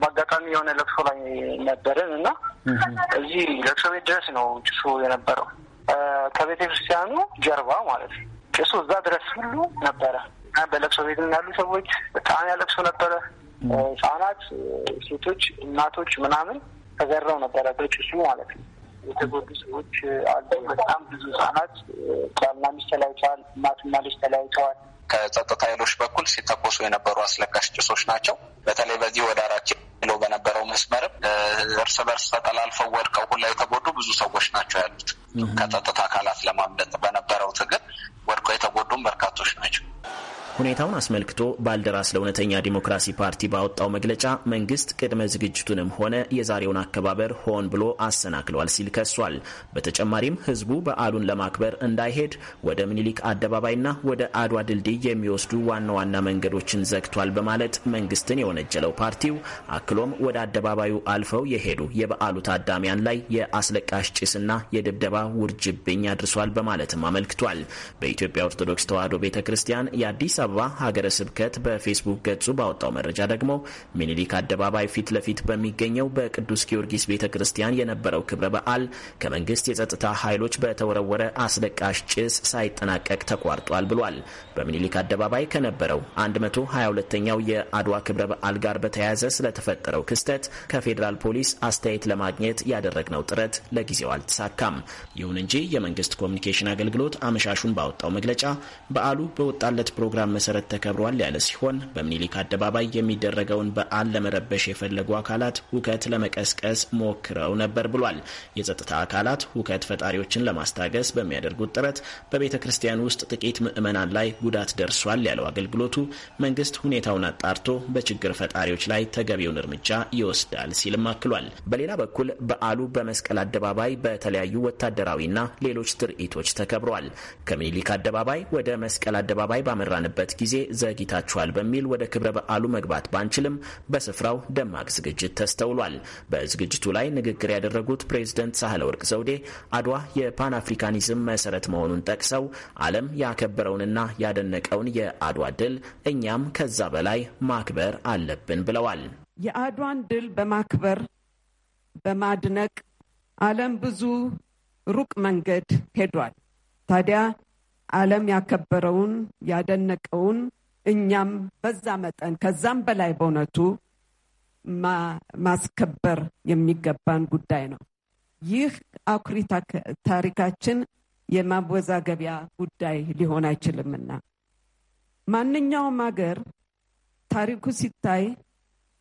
በአጋጣሚ የሆነ ለቅሶ ላይ ነበርን እና እዚህ ለቅሶ ቤት ድረስ ነው ጭሱ የነበረው ከቤተ ክርስቲያኑ ጀርባ ማለት ነው። ጭሱ እዛ ድረስ ሁሉ ነበረ። በለቅሶ ቤት ያሉ ሰዎች በጣም ያለቅሱ ነበረ። ህጻናት፣ ሴቶች፣ እናቶች ምናምን ተዘራው ነበረ በጭሱ ማለት ነው። የተጎዱ ሰዎች አሉ። በጣም ብዙ ህጻናት ጫና ሚስ ተለያይተዋል። እናትና ልጅ ተለያይተዋል። ከጸጥታ ኃይሎች በኩል ሲተኮሱ የነበሩ አስለቃሽ ጭሶች ናቸው። በተለይ በዚህ ወደ አራት ኪሎ በነበረው መስመርም እርስ በርስ ተጠላልፈው ወድቀው ሁላ የተጎዱ ብዙ ሰዎች ናቸው ያሉት። ከጸጥታ አካላት ለማምለጥ በነበረው ትግል ወድቀው የተጎዱም በርካቶች ናቸው። ሁኔታውን አስመልክቶ ባልደራስ ለእውነተኛ ዲሞክራሲ ፓርቲ ባወጣው መግለጫ መንግስት ቅድመ ዝግጅቱንም ሆነ የዛሬውን አከባበር ሆን ብሎ አሰናክሏል ሲል ከሷል። በተጨማሪም ህዝቡ በዓሉን ለማክበር እንዳይሄድ ወደ ምኒሊክ አደባባይና ወደ አድዋ ድልድይ የሚወስዱ ዋና ዋና መንገዶችን ዘግቷል በማለት መንግስትን የወነጀለው ፓርቲው አክሎም ወደ አደባባዩ አልፈው የሄዱ የበዓሉ ታዳሚያን ላይ የአስለቃሽ ጭስና የድብደባ ውርጅብኝ አድርሷል በማለትም አመልክቷል። በኢትዮጵያ ኦርቶዶክስ ተዋሕዶ ቤተ ክርስቲያን የአዲስ አበባ ሀገረ ስብከት በፌስቡክ ገጹ ባወጣው መረጃ ደግሞ ሚኒሊክ አደባባይ ፊት ለፊት በሚገኘው በቅዱስ ጊዮርጊስ ቤተ ክርስቲያን የነበረው ክብረ በዓል ከመንግስት የጸጥታ ኃይሎች በተወረወረ አስለቃሽ ጭስ ሳይጠናቀቅ ተቋርጧል ብሏል። በሚኒሊክ አደባባይ ከነበረው 122ኛው የአድዋ ክብረ በዓል ጋር በተያያዘ ስለተፈጠረው ክስተት ከፌዴራል ፖሊስ አስተያየት ለማግኘት ያደረግነው ጥረት ለጊዜው አልተሳካም። ይሁን እንጂ የመንግስት ኮሚኒኬሽን አገልግሎት አመሻሹን ባወጣው መግለጫ በዓሉ በወጣለት ፕሮግራም መሰረት ተከብሯል ያለ ሲሆን በምኒልክ አደባባይ የሚደረገውን በዓል ለመረበሽ የፈለጉ አካላት ሁከት ለመቀስቀስ ሞክረው ነበር ብሏል። የጸጥታ አካላት ሁከት ፈጣሪዎችን ለማስታገስ በሚያደርጉት ጥረት በቤተ ክርስቲያን ውስጥ ጥቂት ምዕመናን ላይ ጉዳት ደርሷል ያለው አገልግሎቱ መንግስት ሁኔታውን አጣርቶ በችግር ፈጣሪዎች ላይ ተገቢውን እርምጃ ይወስዳል ሲልም አክሏል። በሌላ በኩል በዓሉ በመስቀል አደባባይ በተለያዩ ወታደራዊና ሌሎች ትርኢቶች ተከብሯል። ከምኒልክ አደባባይ ወደ መስቀል አደባባይ ባመራንበት በሚሆንበት ጊዜ ዘግይታችኋል በሚል ወደ ክብረ በዓሉ መግባት ባንችልም በስፍራው ደማቅ ዝግጅት ተስተውሏል። በዝግጅቱ ላይ ንግግር ያደረጉት ፕሬዝደንት ሳህለ ወርቅ ዘውዴ አድዋ የፓን አፍሪካኒዝም መሰረት መሆኑን ጠቅሰው ዓለም ያከበረውንና ያደነቀውን የአድዋ ድል እኛም ከዛ በላይ ማክበር አለብን ብለዋል። የአድዋን ድል በማክበር በማድነቅ ዓለም ብዙ ሩቅ መንገድ ሄዷል። ታዲያ ዓለም ያከበረውን ያደነቀውን እኛም በዛ መጠን ከዛም በላይ በእውነቱ ማስከበር የሚገባን ጉዳይ ነው። ይህ አኩሪ ታሪካችን የማወዛገቢያ ጉዳይ ሊሆን አይችልምና ማንኛውም አገር ታሪኩ ሲታይ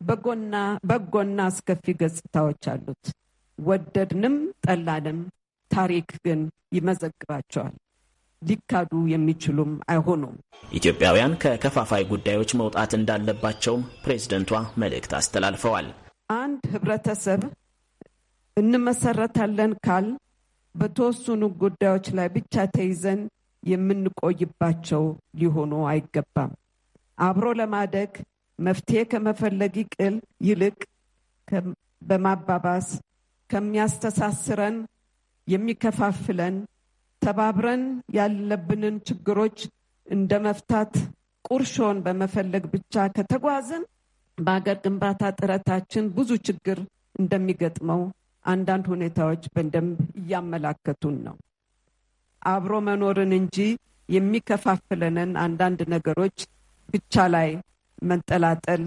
በጎና በጎና አስከፊ ገጽታዎች አሉት። ወደድንም ጠላንም ታሪክ ግን ይመዘግባቸዋል። ሊካዱ የሚችሉም አይሆኑም። ኢትዮጵያውያን ከከፋፋይ ጉዳዮች መውጣት እንዳለባቸውም ፕሬዝደንቷ መልእክት አስተላልፈዋል። አንድ ህብረተሰብ እንመሰረታለን ካል በተወሰኑ ጉዳዮች ላይ ብቻ ተይዘን የምንቆይባቸው ሊሆኑ አይገባም። አብሮ ለማደግ መፍትሄ ከመፈለግ ይቅል ይልቅ በማባባስ ከሚያስተሳስረን የሚከፋፍለን ተባብረን ያለብንን ችግሮች እንደ መፍታት ቁርሾን በመፈለግ ብቻ ከተጓዝን በሀገር ግንባታ ጥረታችን ብዙ ችግር እንደሚገጥመው አንዳንድ ሁኔታዎች በደንብ እያመላከቱን ነው። አብሮ መኖርን እንጂ የሚከፋፍለንን አንዳንድ ነገሮች ብቻ ላይ መንጠላጠል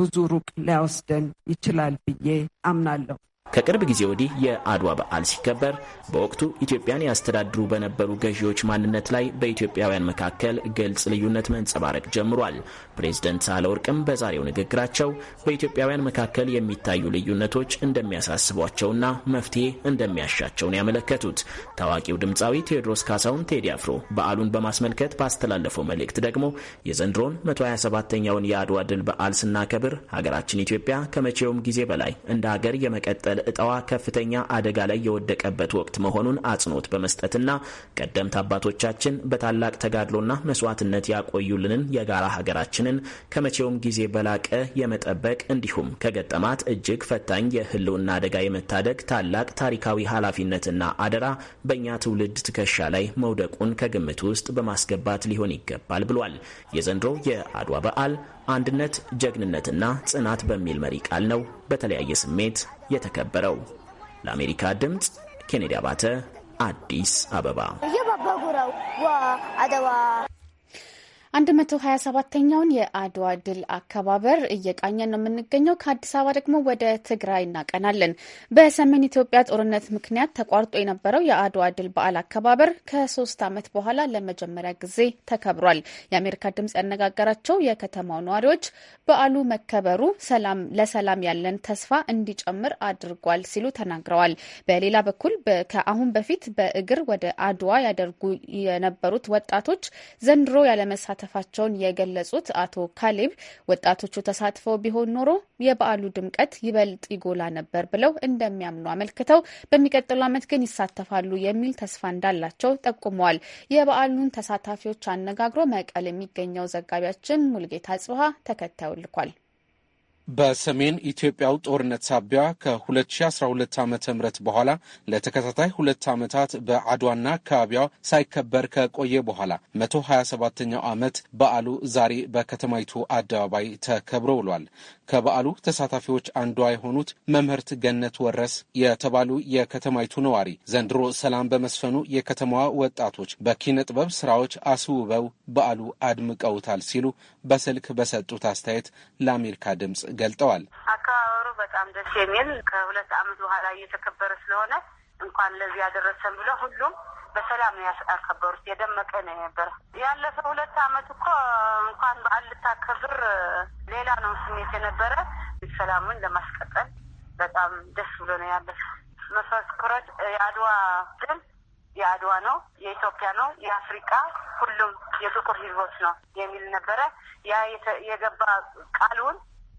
ብዙ ሩቅ ሊያወስደን ይችላል ብዬ አምናለሁ። ከቅርብ ጊዜ ወዲህ የአድዋ በዓል ሲከበር በወቅቱ ኢትዮጵያን ያስተዳድሩ በነበሩ ገዢዎች ማንነት ላይ በኢትዮጵያውያን መካከል ግልጽ ልዩነት መንጸባረቅ ጀምሯል። ፕሬዝደንት ሳህለወርቅም በዛሬው ንግግራቸው በኢትዮጵያውያን መካከል የሚታዩ ልዩነቶች እንደሚያሳስቧቸውና መፍትሄ እንደሚያሻቸውን ያመለከቱት ታዋቂው ድምፃዊ ቴዎድሮስ ካሳሁን ቴዲ አፍሮ በዓሉን በማስመልከት ባስተላለፈው መልእክት ደግሞ የዘንድሮን 127ኛውን የአድዋ ድል በዓል ስናከብር ሀገራችን ኢትዮጵያ ከመቼውም ጊዜ በላይ እንደ ሀገር የመቀጠል የመንቀል እጣዋ ከፍተኛ አደጋ ላይ የወደቀበት ወቅት መሆኑን አጽንኦት በመስጠትና ቀደምት አባቶቻችን በታላቅ ተጋድሎና መስዋዕትነት ያቆዩልንን የጋራ ሀገራችንን ከመቼውም ጊዜ በላቀ የመጠበቅ እንዲሁም ከገጠማት እጅግ ፈታኝ የህልውና አደጋ የመታደግ ታላቅ ታሪካዊ ኃላፊነትና አደራ በእኛ ትውልድ ትከሻ ላይ መውደቁን ከግምት ውስጥ በማስገባት ሊሆን ይገባል ብሏል። የዘንድሮ የአድዋ በዓል አንድነት ጀግንነትና ጽናት በሚል መሪ ቃል ነው በተለያየ ስሜት የተከበረው። ለአሜሪካ ድምፅ ኬኔዲ አባተ አዲስ አበባ 127ኛውን የአድዋ ድል አከባበር እየቃኘን ነው የምንገኘው። ከአዲስ አበባ ደግሞ ወደ ትግራይ እናቀናለን። በሰሜን ኢትዮጵያ ጦርነት ምክንያት ተቋርጦ የነበረው የአድዋ ድል በዓል አከባበር ከሶስት ዓመት በኋላ ለመጀመሪያ ጊዜ ተከብሯል። የአሜሪካ ድምጽ ያነጋገራቸው የከተማው ነዋሪዎች በዓሉ መከበሩ ሰላም ለሰላም ያለን ተስፋ እንዲጨምር አድርጓል ሲሉ ተናግረዋል። በሌላ በኩል ከአሁን በፊት በእግር ወደ አድዋ ያደርጉ የነበሩት ወጣቶች ዘንድሮ ያለመሳተፍ መሳተፋቸውን የገለጹት አቶ ካሌብ ወጣቶቹ ተሳትፈው ቢሆን ኖሮ የበዓሉ ድምቀት ይበልጥ ይጎላ ነበር ብለው እንደሚያምኑ አመልክተው በሚቀጥሉ ዓመት ግን ይሳተፋሉ የሚል ተስፋ እንዳላቸው ጠቁመዋል። የበዓሉን ተሳታፊዎች አነጋግሮ መቀል የሚገኘው ዘጋቢያችን ሙልጌታ ጽብሃ ተከታዩ ልኳል። በሰሜን ኢትዮጵያው ጦርነት ሳቢያ ከ2012 ዓ ም በኋላ ለተከታታይ ሁለት ዓመታት በአድዋና አካባቢዋ ሳይከበር ከቆየ በኋላ 127ኛው ዓመት በዓሉ ዛሬ በከተማይቱ አደባባይ ተከብሮ ውሏል። ከበዓሉ ተሳታፊዎች አንዷ የሆኑት መምህርት ገነት ወረስ የተባሉ የከተማይቱ ነዋሪ ዘንድሮ ሰላም በመስፈኑ የከተማዋ ወጣቶች በኪነ ጥበብ ስራዎች አስውበው በዓሉ አድምቀውታል ሲሉ በስልክ በሰጡት አስተያየት ለአሜሪካ ድምፅ ገልጠዋል። አከባበሩ በጣም ደስ የሚል ከሁለት ዓመት በኋላ እየተከበረ ስለሆነ እንኳን ለዚህ ያደረሰን ብለ ሁሉም በሰላም ነው ያከበሩት። የደመቀ ነው የነበረ። ያለፈ ሁለት አመት እኮ እንኳን በዓል ልታከብር ሌላ ነው ስሜት የነበረ። ሰላሙን ለማስቀጠል በጣም ደስ ብሎ ነው ያለፈ። መፈክሮች የአድዋ ድል የአድዋ ነው፣ የኢትዮጵያ ነው፣ የአፍሪካ ሁሉም የጥቁር ህዝቦች ነው የሚል ነበረ። ያ የገባ ቃሉን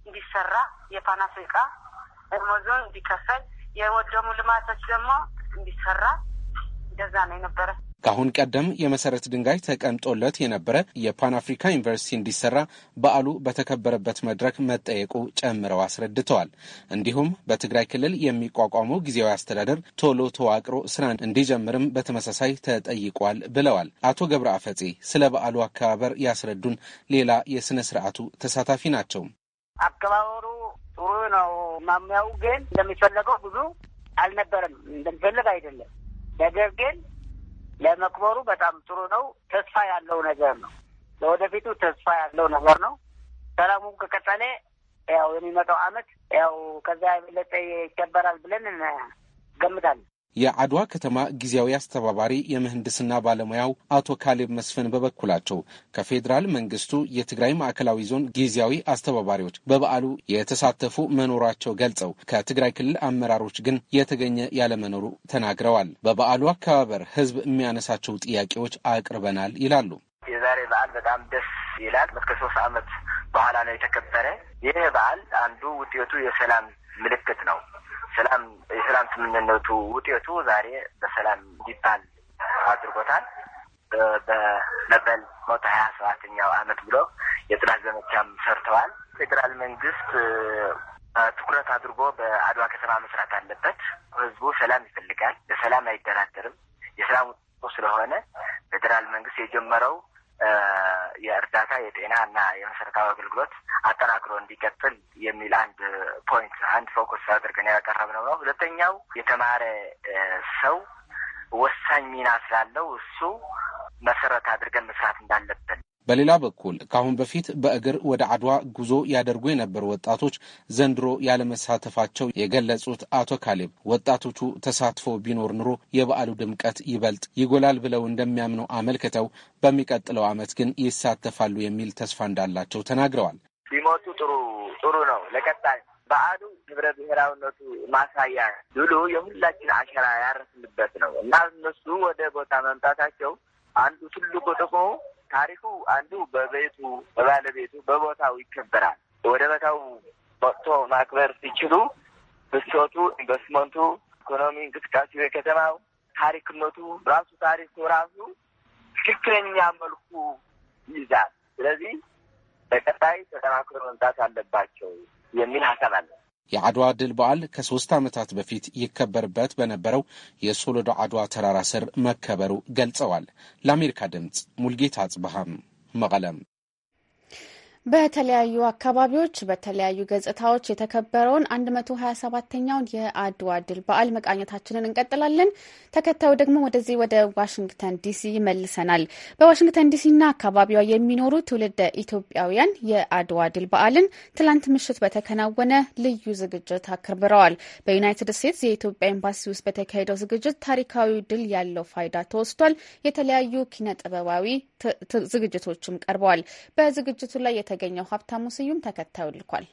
እንዲሰራ የፓን አፍሪካ እንዲከፈል የወደሙ ልማቶች ደግሞ እንዲሰራ እንደዛ ነው የነበረ። ከአሁን ቀደም የመሰረት ድንጋይ ተቀምጦለት የነበረ የፓን አፍሪካ ዩኒቨርሲቲ እንዲሰራ በዓሉ በተከበረበት መድረክ መጠየቁ ጨምረው አስረድተዋል። እንዲሁም በትግራይ ክልል የሚቋቋመው ጊዜያዊ አስተዳደር ቶሎ ተዋቅሮ ስራ እንዲጀምርም በተመሳሳይ ተጠይቋል ብለዋል። አቶ ገብረ አፈጼ ስለ በዓሉ አከባበር ያስረዱን ሌላ የስነ ስርዓቱ ተሳታፊ ናቸው። አከባበሩ ጥሩ ነው። ማሙያው ግን እንደሚፈለገው ብዙ አልነበረም። እንደሚፈለግ አይደለም ነገር ግን ለመክበሩ በጣም ጥሩ ነው። ተስፋ ያለው ነገር ነው። ለወደፊቱ ተስፋ ያለው ነገር ነው። ሰላሙ ከቀጠለ ያው የሚመጣው አመት ያው ከዛ የበለጠ ይከበራል ብለን ገምታለን። የአድዋ ከተማ ጊዜያዊ አስተባባሪ የምህንድስና ባለሙያው አቶ ካሌብ መስፍን በበኩላቸው ከፌዴራል መንግስቱ የትግራይ ማዕከላዊ ዞን ጊዜያዊ አስተባባሪዎች በበዓሉ የተሳተፉ መኖራቸው ገልጸው ከትግራይ ክልል አመራሮች ግን የተገኘ ያለመኖሩ ተናግረዋል። በበዓሉ አከባበር ህዝብ የሚያነሳቸው ጥያቄዎች አቅርበናል ይላሉ። የዛሬ በዓል በጣም ደስ ይላል። እስከ ሶስት ዓመት በኋላ ነው የተከበረ። ይህ በዓል አንዱ ውጤቱ የሰላም ምልክት ነው። ሰላም የሰላም ስምምነቱ ውጤቱ ዛሬ በሰላም እንዲባል አድርጎታል። በመበል መቶ ሀያ ሰባተኛው አመት ብሎ የጥላት ዘመቻም ሰርተዋል። ፌዴራል መንግስት ትኩረት አድርጎ በአድዋ ከተማ መስራት አለበት። ህዝቡ ሰላም ይፈልጋል። ለሰላም አይደራደርም። የሰላም ስለሆነ ፌዴራል መንግስት የጀመረው የእርዳታ የጤና እና የመሰረታዊ አገልግሎት አጠናክሮ እንዲቀጥል የሚል አንድ ፖይንት አንድ ፎከስ አድርገን ያቀረብነው ነው። ሁለተኛው የተማረ ሰው ወሳኝ ሚና ስላለው እሱ መሰረት አድርገን መስራት እንዳለብን በሌላ በኩል ከአሁን በፊት በእግር ወደ አድዋ ጉዞ ያደርጉ የነበሩ ወጣቶች ዘንድሮ ያለመሳተፋቸው የገለጹት አቶ ካሌብ ወጣቶቹ ተሳትፎ ቢኖር ኑሮ የበዓሉ ድምቀት ይበልጥ ይጎላል ብለው እንደሚያምኑ አመልክተው በሚቀጥለው ዓመት ግን ይሳተፋሉ የሚል ተስፋ እንዳላቸው ተናግረዋል። ቢመጡ ጥሩ ጥሩ ነው። ለቀጣይ በዓሉ ህብረ ብሔራዊነቱ ማሳያ ድሉ የሁላችን አሸራ ያረፍንበት ነው እና እነሱ ወደ ቦታ መምጣታቸው አንዱ ትልቁ ጥቅሙ ታሪኩ አንዱ በቤቱ በባለቤቱ በቦታው ይከበራል። ወደ ቦታው ወጥቶ ማክበር ሲችሉ ብሶቱ፣ ኢንቨስትመንቱ፣ ኢኮኖሚ እንቅስቃሴ የከተማው ታሪክነቱ ራሱ ታሪኩ ራሱ ትክክለኛ መልኩ ይይዛል። ስለዚህ በቀጣይ ተጠናክሮ መምጣት አለባቸው የሚል ሀሳብ አለ። የአድዋ ድል በዓል ከሶስት ዓመታት በፊት ይከበርበት በነበረው የሶሎዶ አድዋ ተራራ ስር መከበሩ ገልጸዋል። ለአሜሪካ ድምፅ ሙልጌታ አጽብሃም መቀለም በተለያዩ አካባቢዎች በተለያዩ ገጽታዎች የተከበረውን 127ኛውን የአድዋ ድል በዓል መቃኘታችንን እንቀጥላለን። ተከታዩ ደግሞ ወደዚህ ወደ ዋሽንግተን ዲሲ ይመልሰናል። በዋሽንግተን ዲሲና አካባቢዋ የሚኖሩ ትውልደ ኢትዮጵያውያን የአድዋ ድል በዓልን ትላንት ምሽት በተከናወነ ልዩ ዝግጅት አክብረዋል። በዩናይትድ ስቴትስ የኢትዮጵያ ኤምባሲ ውስጥ በተካሄደው ዝግጅት ታሪካዊ ድል ያለው ፋይዳ ተወስቷል። የተለያዩ ኪነ ጥበባዊ ዝግጅቶችም ቀርበዋል። በዝግጅቱ ላይ የተገኘው ሀብታሙ ስዩም ተከታዩ ልኳል።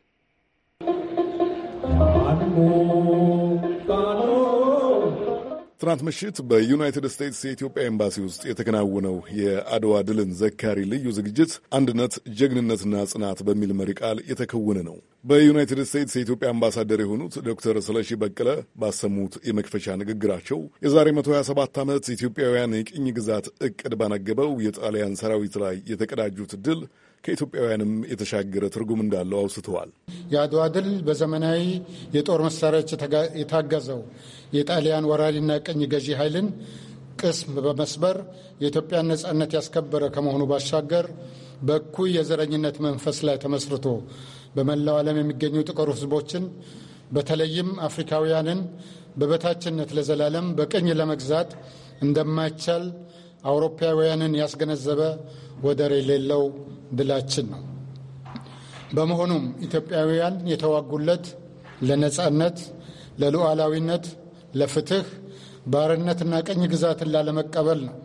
ትናንት ምሽት በዩናይትድ ስቴትስ የኢትዮጵያ ኤምባሲ ውስጥ የተከናወነው የአድዋ ድልን ዘካሪ ልዩ ዝግጅት አንድነት፣ ጀግንነትና ጽናት በሚል መሪ ቃል የተከወነ ነው። በዩናይትድ ስቴትስ የኢትዮጵያ አምባሳደር የሆኑት ዶክተር ስለሺ በቀለ ባሰሙት የመክፈቻ ንግግራቸው የዛሬ 127 ዓመት ኢትዮጵያውያን የቅኝ ግዛት እቅድ ባነገበው የጣሊያን ሰራዊት ላይ የተቀዳጁት ድል ከኢትዮጵያውያንም የተሻገረ ትርጉም እንዳለው አውስተዋል። የአድዋ ድል በዘመናዊ የጦር መሳሪያዎች የታገዘው የጣሊያን ወራሪና ቅኝ ገዢ ኃይልን ቅስም በመስበር የኢትዮጵያን ነጻነት ያስከበረ ከመሆኑ ባሻገር በእኩይ የዘረኝነት መንፈስ ላይ ተመስርቶ በመላው ዓለም የሚገኙ ጥቁር ሕዝቦችን በተለይም አፍሪካውያንን በበታችነት ለዘላለም በቅኝ ለመግዛት እንደማይቻል አውሮፓውያንን ያስገነዘበ ወደር የሌለው ድላችን ነው። በመሆኑም ኢትዮጵያውያን የተዋጉለት ለነጻነት፣ ለሉዓላዊነት፣ ለፍትህ፣ ባርነትና ቀኝ ግዛትን ላለመቀበል ነው።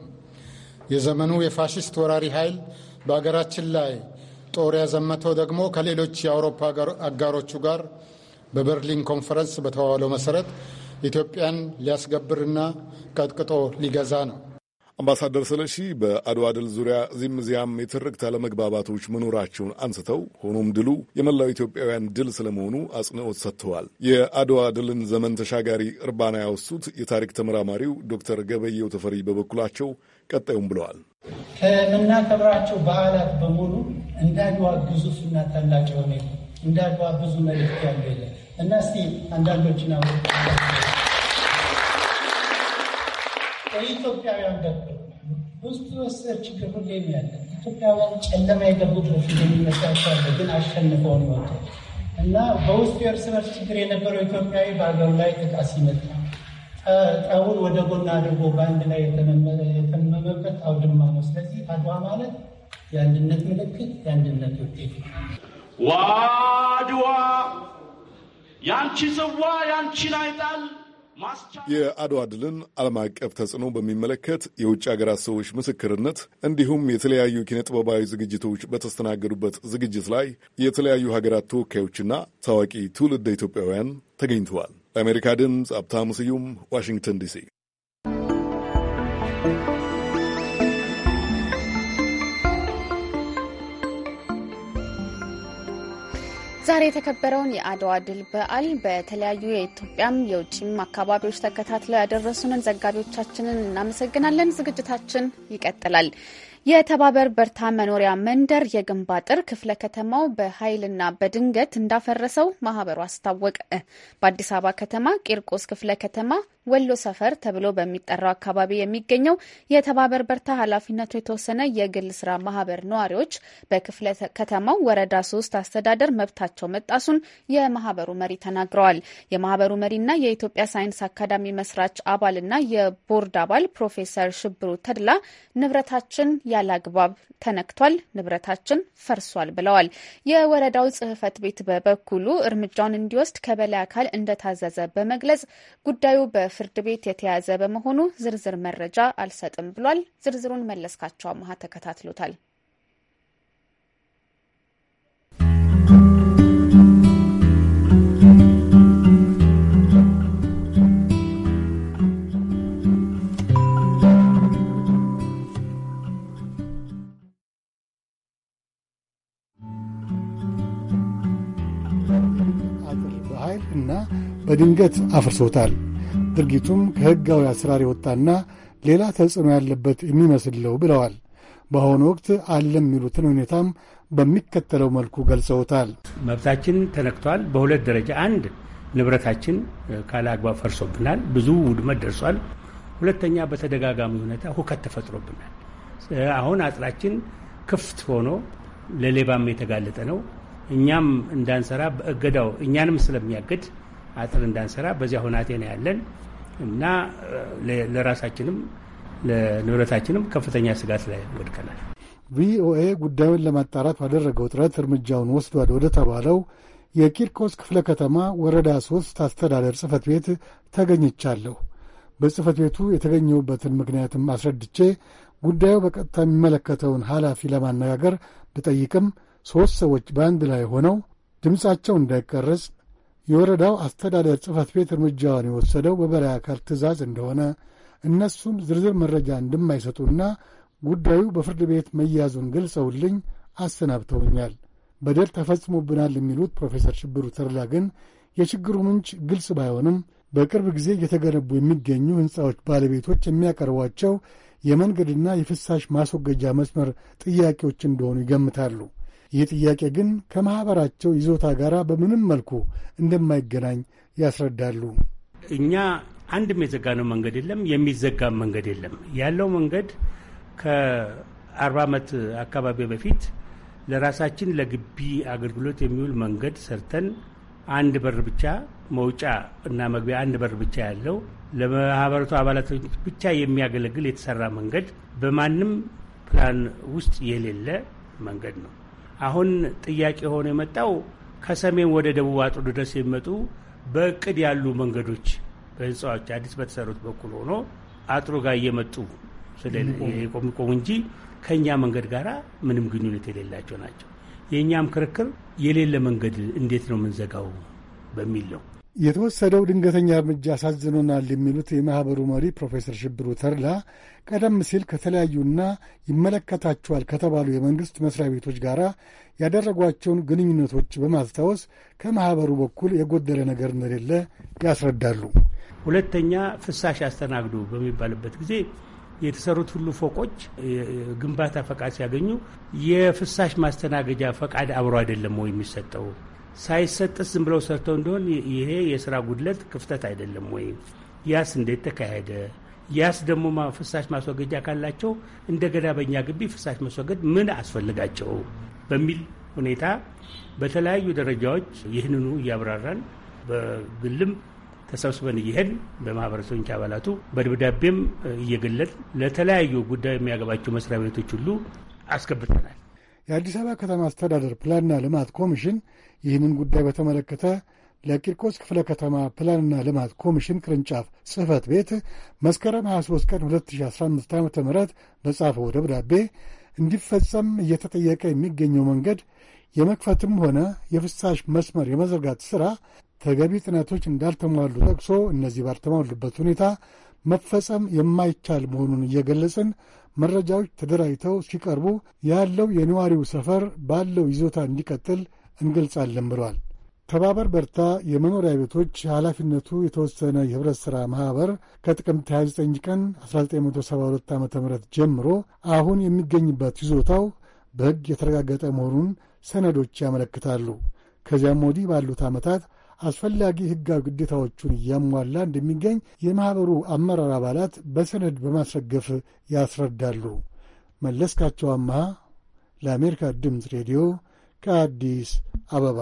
የዘመኑ የፋሽስት ወራሪ ኃይል በአገራችን ላይ ጦር ያዘመተው ደግሞ ከሌሎች የአውሮፓ አጋሮቹ ጋር በበርሊን ኮንፈረንስ በተዋዋለው መሰረት ኢትዮጵያን ሊያስገብርና ቀጥቅጦ ሊገዛ ነው። አምባሳደር ስለሺ በአድዋ ድል ዙሪያ እዚህም እዚያም የትርክት አለመግባባቶች መኖራቸውን አንስተው ሆኖም ድሉ የመላው ኢትዮጵያውያን ድል ስለመሆኑ አጽንኦት ሰጥተዋል። የአድዋ ድልን ዘመን ተሻጋሪ እርባና ያወሱት የታሪክ ተመራማሪው ዶክተር ገበየው ተፈሪ በበኩላቸው ቀጣዩም ብለዋል። ከምናከብራቸው በዓላት በሙሉ እንደ አድዋ እና ታላቅ የሆነ እንደ አድዋ ብዙ መልእክት ያለ እና እስቲ አንዳንዶችን የኢትዮጵያውያን ደግሞ ውስጥ ወሰድ ችግር ሁሌም ያለ ኢትዮጵያውያን ጨለማ የገቡ በፊት የሚመስላቸው ግን አሸንፈውን ይወጡ እና በውስጡ የእርስ በርስ ችግር የነበረው ኢትዮጵያዊ በአገሩ ላይ ጥቃት ሲመጣ ጠውን ወደ ጎና አድርጎ በአንድ ላይ የተመመበት አውድማ ነው። ስለዚህ አድዋ ማለት የአንድነት ምልክት፣ የአንድነት ውጤት ዋድዋ ያንቺ ጽዋ ያንቺን አይጣል የአድዋ ድልን ዓለም አቀፍ ተጽዕኖ በሚመለከት የውጭ ሀገራት ሰዎች ምስክርነት እንዲሁም የተለያዩ ኪነጥበባዊ ዝግጅቶች በተስተናገዱበት ዝግጅት ላይ የተለያዩ ሀገራት ተወካዮችና ታዋቂ ትውልድ ኢትዮጵያውያን ተገኝተዋል። ለአሜሪካ ድምፅ ሀብታሙ ስዩም ዋሽንግተን ዲሲ። ዛሬ የተከበረውን የአድዋ ድል በዓል በተለያዩ የኢትዮጵያም የውጭም አካባቢዎች ተከታትለው ያደረሱንን ዘጋቢዎቻችንን እናመሰግናለን። ዝግጅታችን ይቀጥላል። የተባበር በርታ መኖሪያ መንደር የግንብ አጥር ክፍለ ከተማው በኃይልና በድንገት እንዳፈረሰው ማህበሩ አስታወቀ። በአዲስ አበባ ከተማ ቂርቆስ ክፍለ ከተማ ወሎ ሰፈር ተብሎ በሚጠራው አካባቢ የሚገኘው የተባበር በርታ ኃላፊነቱ የተወሰነ የግል ስራ ማህበር ነዋሪዎች በክፍለ ከተማው ወረዳ ሶስት አስተዳደር መብታቸው መጣሱን የማህበሩ መሪ ተናግረዋል። የማህበሩ መሪና የኢትዮጵያ ሳይንስ አካዳሚ መስራች አባልና የቦርድ አባል ፕሮፌሰር ሽብሩ ተድላ ንብረታችን ያለ አግባብ ተነክቷል፣ ንብረታችን ፈርሷል ብለዋል። የወረዳው ጽህፈት ቤት በበኩሉ እርምጃውን እንዲወስድ ከበላይ አካል እንደታዘዘ በመግለጽ ጉዳዩ በ በፍርድ ቤት የተያዘ በመሆኑ ዝርዝር መረጃ አልሰጥም ብሏል። ዝርዝሩን መለስካቸው አመሃ ተከታትሎታል። በኃይል እና በድንገት አፍርሶታል። ድርጊቱም ከሕጋዊ አሰራር የወጣና ሌላ ተጽዕኖ ያለበት ነው ብለዋል። በአሁኑ ወቅት አለም የሚሉትን ሁኔታም በሚከተለው መልኩ ገልጸውታል። መብታችን ተነክቷል። በሁለት ደረጃ አንድ ንብረታችን ካለ አግባብ ፈርሶብናል፣ ብዙ ውድመት ደርሷል። ሁለተኛ በተደጋጋሚ ሁኔታ ሁከት ተፈጥሮብናል። አሁን አጥራችን ክፍት ሆኖ ለሌባም የተጋለጠ ነው። እኛም እንዳንሰራ በእገዳው እኛንም ስለሚያገድ አጥር እንዳንሰራ በዚያ ሁናቴ ነው ያለን እና ለራሳችንም ለንብረታችንም ከፍተኛ ስጋት ላይ ወድቀናል። ቪኦኤ ጉዳዩን ለማጣራት ባደረገው ጥረት እርምጃውን ወስዷል ወደ ተባለው የቂርቆስ ክፍለ ከተማ ወረዳ ሶስት አስተዳደር ጽህፈት ቤት ተገኝቻለሁ። በጽህፈት ቤቱ የተገኘሁበትን ምክንያትም አስረድቼ ጉዳዩ በቀጥታ የሚመለከተውን ኃላፊ ለማነጋገር ብጠይቅም ሦስት ሰዎች በአንድ ላይ ሆነው ድምፃቸው እንዳይቀረጽ የወረዳው አስተዳደር ጽህፈት ቤት እርምጃውን የወሰደው በበላይ አካል ትዕዛዝ እንደሆነ እነሱም ዝርዝር መረጃ እንደማይሰጡና ጉዳዩ በፍርድ ቤት መያዙን ገልጸውልኝ አሰናብተውኛል። በደል ተፈጽሞብናል የሚሉት ፕሮፌሰር ሽብሩ ተርላ ግን የችግሩ ምንጭ ግልጽ ባይሆንም በቅርብ ጊዜ እየተገነቡ የሚገኙ ሕንፃዎች ባለቤቶች የሚያቀርቧቸው የመንገድና የፍሳሽ ማስወገጃ መስመር ጥያቄዎች እንደሆኑ ይገምታሉ። ይህ ጥያቄ ግን ከማኅበራቸው ይዞታ ጋር በምንም መልኩ እንደማይገናኝ ያስረዳሉ። እኛ አንድም የዘጋነው መንገድ የለም፣ የሚዘጋም መንገድ የለም። ያለው መንገድ ከአርባ ዓመት አካባቢ በፊት ለራሳችን ለግቢ አገልግሎት የሚውል መንገድ ሰርተን አንድ በር ብቻ መውጫ እና መግቢያ አንድ በር ብቻ ያለው ለማህበረቱ አባላቶች ብቻ የሚያገለግል የተሰራ መንገድ በማንም ፕላን ውስጥ የሌለ መንገድ ነው። አሁን ጥያቄ ሆኖ የመጣው ከሰሜን ወደ ደቡብ አጥሩ ድረስ የሚመጡ በእቅድ ያሉ መንገዶች በህንፃዎች አዲስ በተሰሩት በኩል ሆኖ አጥሩ ጋር እየመጡ ስለሚቆሙ እንጂ ከእኛ መንገድ ጋር ምንም ግንኙነት የሌላቸው ናቸው። የእኛም ክርክር የሌለ መንገድ እንዴት ነው የምንዘጋው በሚል ነው። የተወሰደው ድንገተኛ እርምጃ አሳዝኖናል የሚሉት የማኅበሩ መሪ ፕሮፌሰር ሽብሩ ተድላ ቀደም ሲል ከተለያዩና ይመለከታቸዋል ከተባሉ የመንግሥት መሥሪያ ቤቶች ጋር ያደረጓቸውን ግንኙነቶች በማስታወስ ከማኅበሩ በኩል የጎደለ ነገር እንደሌለ ያስረዳሉ። ሁለተኛ ፍሳሽ አስተናግዱ በሚባልበት ጊዜ የተሰሩት ሁሉ ፎቆች ግንባታ ፈቃድ ሲያገኙ የፍሳሽ ማስተናገጃ ፈቃድ አብሮ አይደለም ወይ የሚሰጠው ሳይሰጥስ ዝም ብለው ሰርተው እንደሆን ይሄ የስራ ጉድለት ክፍተት አይደለም ወይ? ያስ እንዴት ተካሄደ? ያስ ደግሞ ፍሳሽ ማስወገጃ ካላቸው እንደገና በእኛ ግቢ ፍሳሽ ማስወገድ ምን አስፈልጋቸው በሚል ሁኔታ በተለያዩ ደረጃዎች ይህንኑ እያብራራን በግልም ተሰብስበን እየሄድን በማህበረሰቦች አባላቱ በደብዳቤም እየገለጥ ለተለያዩ ጉዳይ የሚያገባቸው መስሪያ ቤቶች ሁሉ አስገብተናል። የአዲስ አበባ ከተማ አስተዳደር ፕላንና ልማት ኮሚሽን ይህንን ጉዳይ በተመለከተ ለቂርቆስ ክፍለ ከተማ ፕላንና ልማት ኮሚሽን ቅርንጫፍ ጽህፈት ቤት መስከረም 23 ቀን 2015 ዓ ም በጻፈው ደብዳቤ እንዲፈጸም እየተጠየቀ የሚገኘው መንገድ የመክፈትም ሆነ የፍሳሽ መስመር የመዘርጋት ሥራ ተገቢ ጥናቶች እንዳልተሟሉ ጠቅሶ እነዚህ ባልተሟሉበት ሁኔታ መፈጸም የማይቻል መሆኑን እየገለጽን መረጃዎች ተደራጅተው ሲቀርቡ ያለው የነዋሪው ሰፈር ባለው ይዞታ እንዲቀጥል እንገልጻለን ብሏል። ተባበር በርታ የመኖሪያ ቤቶች ኃላፊነቱ የተወሰነ የህብረት ሥራ ማኅበር ከጥቅምት 29 ቀን 1972 ዓ ም ጀምሮ አሁን የሚገኝበት ይዞታው በሕግ የተረጋገጠ መሆኑን ሰነዶች ያመለክታሉ። ከዚያም ወዲህ ባሉት ዓመታት አስፈላጊ ሕጋዊ ግዴታዎቹን እያሟላ እንደሚገኝ የማኅበሩ አመራር አባላት በሰነድ በማስረገፍ ያስረዳሉ። መለስካቸው አመሃ ለአሜሪካ ድምፅ ሬዲዮ ከአዲስ አበባ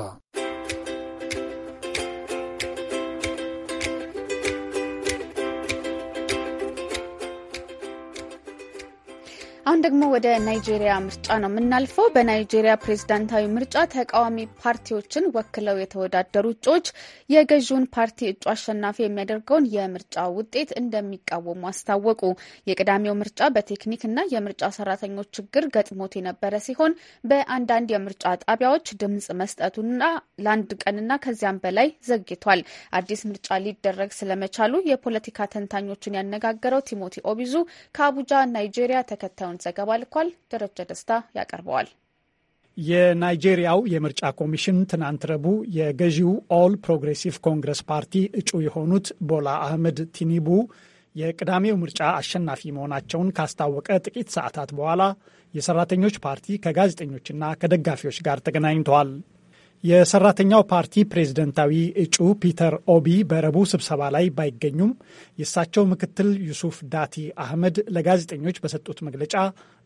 አሁን ደግሞ ወደ ናይጄሪያ ምርጫ ነው የምናልፈው። በናይጄሪያ ፕሬዝዳንታዊ ምርጫ ተቃዋሚ ፓርቲዎችን ወክለው የተወዳደሩ እጩዎች የገዢውን ፓርቲ እጩ አሸናፊ የሚያደርገውን የምርጫ ውጤት እንደሚቃወሙ አስታወቁ። የቅዳሜው ምርጫ በቴክኒክና የምርጫ ሰራተኞች ችግር ገጥሞት የነበረ ሲሆን በአንዳንድ የምርጫ ጣቢያዎች ድምጽ መስጠቱና ለአንድ ቀንና ከዚያም በላይ ዘግቷል። አዲስ ምርጫ ሊደረግ ስለመቻሉ የፖለቲካ ተንታኞችን ያነጋገረው ቲሞቲ ኦቢዙ ከአቡጃ ናይጄሪያ ተከታዩን የሚለውን ዘገባ ልኳል። ደረጀ ደስታ ያቀርበዋል። የናይጄሪያው የምርጫ ኮሚሽን ትናንት ረቡዕ የገዢው ኦል ፕሮግሬሲቭ ኮንግረስ ፓርቲ እጩ የሆኑት ቦላ አህመድ ቲኒቡ የቅዳሜው ምርጫ አሸናፊ መሆናቸውን ካስታወቀ ጥቂት ሰዓታት በኋላ የሰራተኞች ፓርቲ ከጋዜጠኞችና ከደጋፊዎች ጋር ተገናኝተዋል። የሰራተኛው ፓርቲ ፕሬዝደንታዊ እጩ ፒተር ኦቢ በረቡ ስብሰባ ላይ ባይገኙም የእሳቸው ምክትል ዩሱፍ ዳቲ አህመድ ለጋዜጠኞች በሰጡት መግለጫ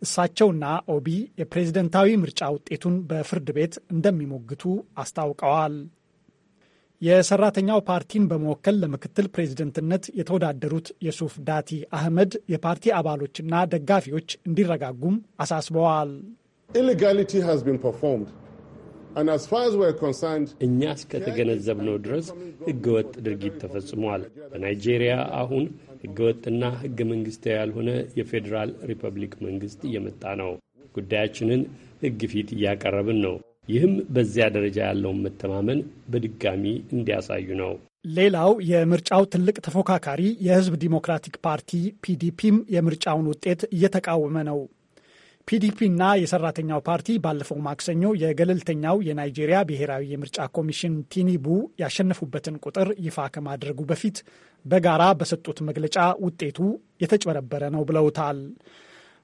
እሳቸውና ኦቢ የፕሬዝደንታዊ ምርጫ ውጤቱን በፍርድ ቤት እንደሚሞግቱ አስታውቀዋል። የሰራተኛው ፓርቲን በመወከል ለምክትል ፕሬዝደንትነት የተወዳደሩት የሱፍ ዳቲ አህመድ የፓርቲ አባሎችና ደጋፊዎች እንዲረጋጉም አሳስበዋል። ኢሌጋሊቲ ሃዝ ቢን ፐርፎርምድ እኛ እስከተገነዘብነው ድረስ ሕገወጥ ድርጊት ተፈጽሟል። በናይጄሪያ አሁን ህገወጥና ህገ መንግስታዊ ያልሆነ የፌዴራል ሪፐብሊክ መንግሥት እየመጣ ነው። ጉዳያችንን ሕግ ፊት እያቀረብን ነው። ይህም በዚያ ደረጃ ያለውን መተማመን በድጋሚ እንዲያሳዩ ነው። ሌላው የምርጫው ትልቅ ተፎካካሪ የህዝብ ዲሞክራቲክ ፓርቲ ፒዲፒም የምርጫውን ውጤት እየተቃወመ ነው። ፒዲፒና የሰራተኛው ፓርቲ ባለፈው ማክሰኞ የገለልተኛው የናይጄሪያ ብሔራዊ የምርጫ ኮሚሽን ቲኒቡ ያሸነፉበትን ቁጥር ይፋ ከማድረጉ በፊት በጋራ በሰጡት መግለጫ ውጤቱ የተጭበረበረ ነው ብለውታል።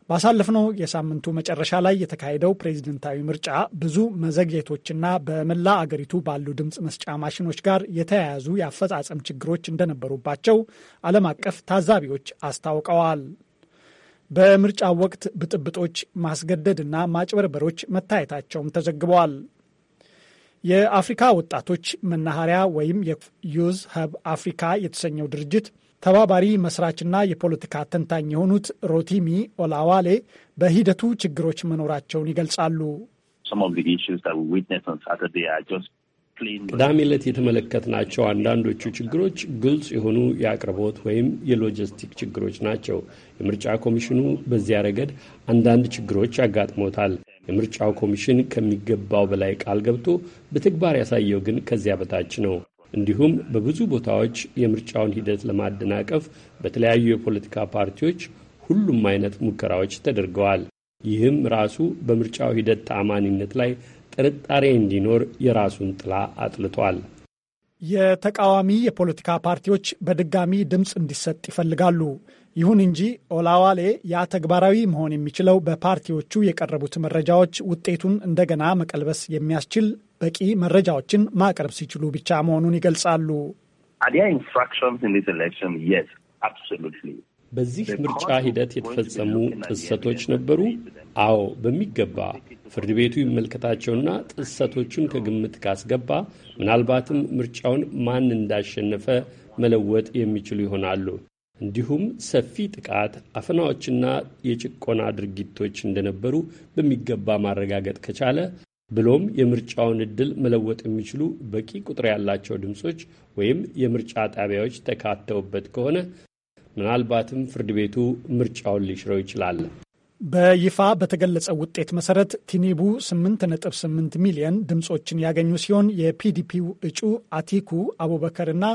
ባሳለፍነው የሳምንቱ መጨረሻ ላይ የተካሄደው ፕሬዝደንታዊ ምርጫ ብዙ መዘግየቶችና በመላ አገሪቱ ባሉ ድምፅ መስጫ ማሽኖች ጋር የተያያዙ የአፈጻጸም ችግሮች እንደነበሩባቸው ዓለም አቀፍ ታዛቢዎች አስታውቀዋል። በምርጫ ወቅት ብጥብጦች፣ ማስገደድና ማጭበርበሮች መታየታቸውም ተዘግበዋል። የአፍሪካ ወጣቶች መናኸሪያ ወይም የዩዝ ሀብ አፍሪካ የተሰኘው ድርጅት ተባባሪ መስራችና የፖለቲካ ተንታኝ የሆኑት ሮቲሚ ኦላዋሌ በሂደቱ ችግሮች መኖራቸውን ይገልጻሉ። ቅዳሜ ዕለት የተመለከትናቸው አንዳንዶቹ ችግሮች ግልጽ የሆኑ የአቅርቦት ወይም የሎጂስቲክ ችግሮች ናቸው። የምርጫ ኮሚሽኑ በዚያ ረገድ አንዳንድ ችግሮች ያጋጥሞታል። የምርጫው ኮሚሽን ከሚገባው በላይ ቃል ገብቶ በተግባር ያሳየው ግን ከዚያ በታች ነው። እንዲሁም በብዙ ቦታዎች የምርጫውን ሂደት ለማደናቀፍ በተለያዩ የፖለቲካ ፓርቲዎች ሁሉም አይነት ሙከራዎች ተደርገዋል። ይህም ራሱ በምርጫው ሂደት ተአማኒነት ላይ ጥርጣሬ እንዲኖር የራሱን ጥላ አጥልቷል። የተቃዋሚ የፖለቲካ ፓርቲዎች በድጋሚ ድምፅ እንዲሰጥ ይፈልጋሉ። ይሁን እንጂ ኦላዋሌ ያ ተግባራዊ መሆን የሚችለው በፓርቲዎቹ የቀረቡት መረጃዎች ውጤቱን እንደገና መቀልበስ የሚያስችል በቂ መረጃዎችን ማቅረብ ሲችሉ ብቻ መሆኑን ይገልጻሉ። በዚህ ምርጫ ሂደት የተፈጸሙ ጥሰቶች ነበሩ? አዎ፣ በሚገባ ፍርድ ቤቱ ይመልከታቸውና ጥሰቶቹን ከግምት ካስገባ ምናልባትም ምርጫውን ማን እንዳሸነፈ መለወጥ የሚችሉ ይሆናሉ። እንዲሁም ሰፊ ጥቃት፣ አፈናዎችና የጭቆና ድርጊቶች እንደነበሩ በሚገባ ማረጋገጥ ከቻለ ብሎም የምርጫውን ዕድል መለወጥ የሚችሉ በቂ ቁጥር ያላቸው ድምፆች ወይም የምርጫ ጣቢያዎች ተካተውበት ከሆነ ምናልባትም ፍርድ ቤቱ ምርጫውን ሊሽረው ይችላል። በይፋ በተገለጸ ውጤት መሰረት ቲኒቡ 8.8 ሚሊዮን ድምፆችን ያገኙ ሲሆን የፒዲፒው እጩ አቲኩ አቡበከርና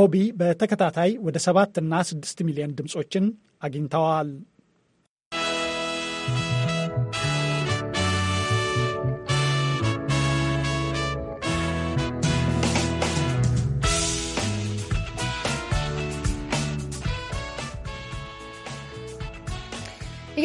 ኦቢ በተከታታይ ወደ 7 እና 6 ሚሊዮን ድምፆችን አግኝተዋል።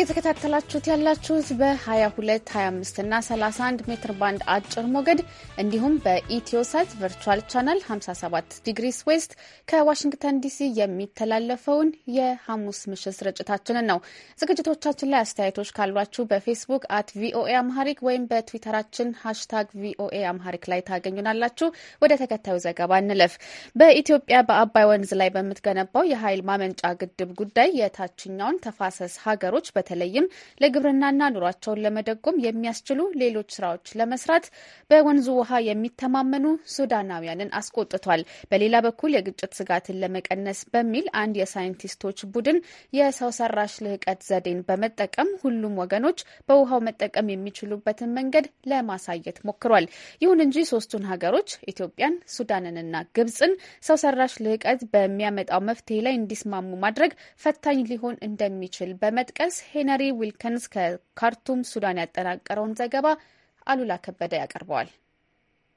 እየተከታተላችሁት ያላችሁት በ22፣ 25 እና 31 ሜትር ባንድ አጭር ሞገድ እንዲሁም በኢትዮሳት ቨርቹዋል ቻናል 57 ዲግሪስ ዌስት ከዋሽንግተን ዲሲ የሚተላለፈውን የሐሙስ ምሽት ስርጭታችንን ነው። ዝግጅቶቻችን ላይ አስተያየቶች ካሏችሁ በፌስቡክ አት ቪኦኤ አምሃሪክ ወይም በትዊተራችን ሃሽታግ ቪኦኤ አምሃሪክ ላይ ታገኙናላችሁ። ወደ ተከታዩ ዘገባ እንለፍ። በኢትዮጵያ በአባይ ወንዝ ላይ በምትገነባው የኃይል ማመንጫ ግድብ ጉዳይ የታችኛውን ተፋሰስ ሀገሮች በተ በተለይም ለግብርናና ኑሯቸውን ለመደጎም የሚያስችሉ ሌሎች ስራዎች ለመስራት በወንዙ ውሃ የሚተማመኑ ሱዳናውያንን አስቆጥቷል። በሌላ በኩል የግጭት ስጋትን ለመቀነስ በሚል አንድ የሳይንቲስቶች ቡድን የሰው ሰራሽ ልህቀት ዘዴን በመጠቀም ሁሉም ወገኖች በውሃው መጠቀም የሚችሉበትን መንገድ ለማሳየት ሞክሯል። ይሁን እንጂ ሶስቱን ሀገሮች ኢትዮጵያን፣ ሱዳንንና ግብጽን ሰው ሰራሽ ልህቀት በሚያመጣው መፍትሄ ላይ እንዲስማሙ ማድረግ ፈታኝ ሊሆን እንደሚችል በመጥቀስ ሄነሪ ዊልከንስ ከካርቱም ሱዳን ያጠናቀረውን ዘገባ አሉላ ከበደ ያቀርበዋል።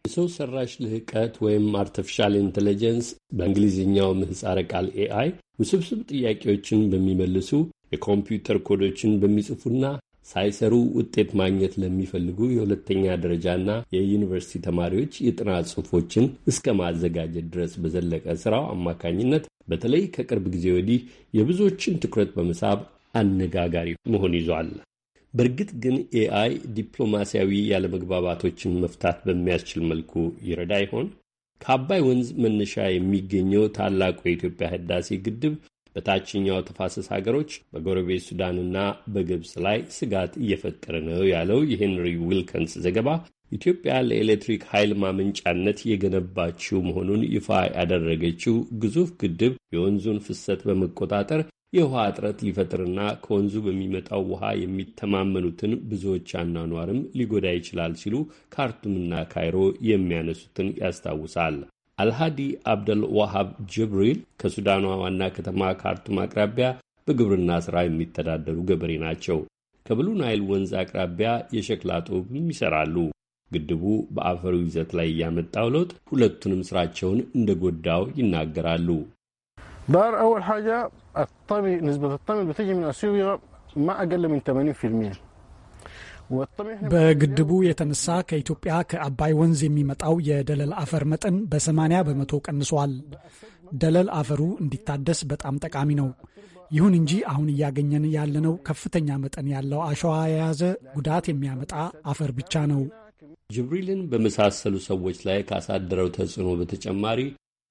የሰው ሰራሽ ልህቀት ወይም አርቲፊሻል ኢንቴሊጀንስ በእንግሊዝኛው ምህፃረ ቃል ኤአይ ውስብስብ ጥያቄዎችን በሚመልሱ የኮምፒውተር ኮዶችን በሚጽፉና ሳይሰሩ ውጤት ማግኘት ለሚፈልጉ የሁለተኛ ደረጃና የዩኒቨርሲቲ ተማሪዎች የጥናት ጽሑፎችን እስከ ማዘጋጀት ድረስ በዘለቀ ስራው አማካኝነት በተለይ ከቅርብ ጊዜ ወዲህ የብዙዎችን ትኩረት በመሳብ አነጋጋሪ መሆን ይዟል። በእርግጥ ግን ኤአይ ዲፕሎማሲያዊ ያለመግባባቶችን መፍታት በሚያስችል መልኩ ይረዳ ይሆን? ከአባይ ወንዝ መነሻ የሚገኘው ታላቁ የኢትዮጵያ ህዳሴ ግድብ በታችኛው ተፋሰስ ሀገሮች በጎረቤት ሱዳንና በግብፅ ላይ ስጋት እየፈጠረ ነው ያለው የሄንሪ ዊልከንስ ዘገባ ኢትዮጵያ ለኤሌክትሪክ ኃይል ማመንጫነት የገነባችው መሆኑን ይፋ ያደረገችው ግዙፍ ግድብ የወንዙን ፍሰት በመቆጣጠር የውሃ እጥረት ሊፈጥርና ከወንዙ በሚመጣው ውሃ የሚተማመኑትን ብዙዎች አኗኗርም ሊጎዳ ይችላል ሲሉ ካርቱምና ካይሮ የሚያነሱትን ያስታውሳል። አልሃዲ አብደል ዋሃብ ጅብሪል ከሱዳኗ ዋና ከተማ ካርቱም አቅራቢያ በግብርና ሥራ የሚተዳደሩ ገበሬ ናቸው። ከብሉ ናይል ወንዝ አቅራቢያ የሸክላ ጡብም ይሠራሉ። ግድቡ በአፈሩ ይዘት ላይ እያመጣው ለውጥ ሁለቱንም ስራቸውን እንደጎዳው ይናገራሉ። ዳር አወል ሓጃ الطمي نسبة الطمي بتجي من أثيوبيا ما أقل من 80% በግድቡ የተነሳ ከኢትዮጵያ ከአባይ ወንዝ የሚመጣው የደለል አፈር መጠን በ80 በመቶ ቀንሷል። ደለል አፈሩ እንዲታደስ በጣም ጠቃሚ ነው። ይሁን እንጂ አሁን እያገኘን ያለነው ከፍተኛ መጠን ያለው አሸዋ የያዘ ጉዳት የሚያመጣ አፈር ብቻ ነው። ጅብሪልን በመሳሰሉ ሰዎች ላይ ካሳደረው ተጽዕኖ በተጨማሪ